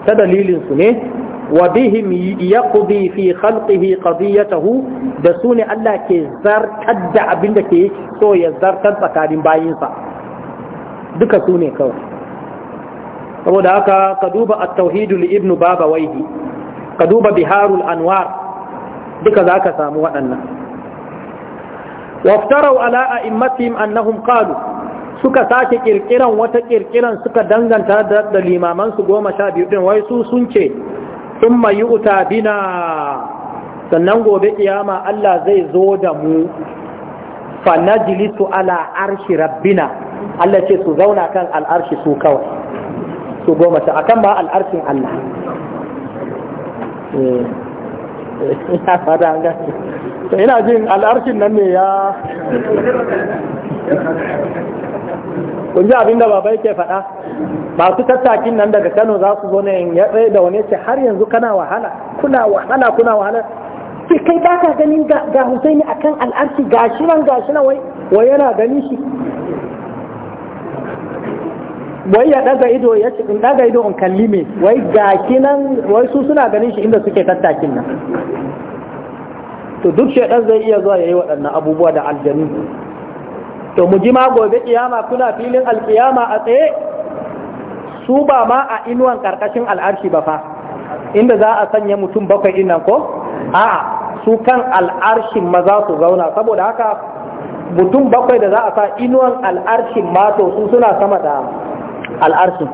ta dalilin su ne wa bihim yaqdi fi khalqihi qadiyatahu da su ne Allah ke zartar da abin da ke so ya zartar tsakanin bayinsa duka su ne kawai saboda haka ka duba at-tauhidul ibnu baba Waidi, ka duba biharul anwar duka za ka samu waɗannan waftarau ala a'immatihim annahum qalu suka sake kirkiran wata kirkiran suka danganta da limaman su goma sha biyu din wai su sun ce thumma yu'ta bina sannan gobe kiyama Allah zai zo da mu fa najlisu ala arshi rabbina Allah ce su zauna kan al'arshi su kawai su goma sha akan ba al'arshin Allah eh, ina jin al'arshin nan ne ya kun ji abin da baba yake faɗa masu tattakin nan daga Kano za su zo ne ya tsaye da wani ce har yanzu kana wahala kuna wahala kuna wahala sai kai ba ka ganin ga Husaini akan al'arshi shi nan gashi nan wai wai yana ganin shi wai ya daga ido ya ci in daga ido in kalli me wai ga kinan wai su suna ganin shi inda suke tattakin nan to duk shaidan zai iya zuwa yayi waɗannan abubuwa da aljanu to mu ji ma gobe kiyama kuna filin alkiyama a tsaye su ba ma a inuwan karkashin al'arshi ba fa inda za a sanya mutum bakwai dinnan ko 'a su kan al'arshin maza su zauna saboda haka mutum bakwai da za a sa inuwan al'arshin to su suna sama da al'arshin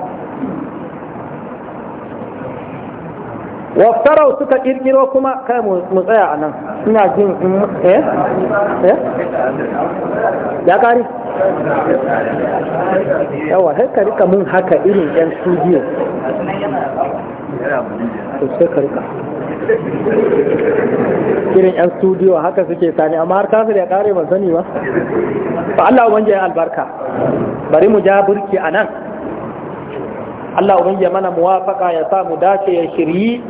waftarau suka kirkiro kuma kai mu tsaya a nan ina jin mm, eh eh ya kari yawa haka rika mun haka irin yan studio to sai ka rika irin yan studio haka suke sani amma har kafir ya kare ban sani ba fa Allah wanje albarka bari mu ja burki a nan Allah ubangiji mana muwafaka ya sa mu dace ya shiryi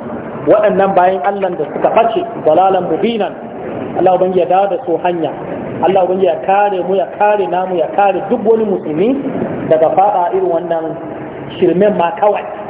waɗannan bayan Allah da suka ɓace dalalan mubinan Allah ubangiji ya dawo da su hanya Allah ubangiji ya kare mu ya kare namu ya kare duk wani musulmi daga fada irin wannan shirmen ma kawai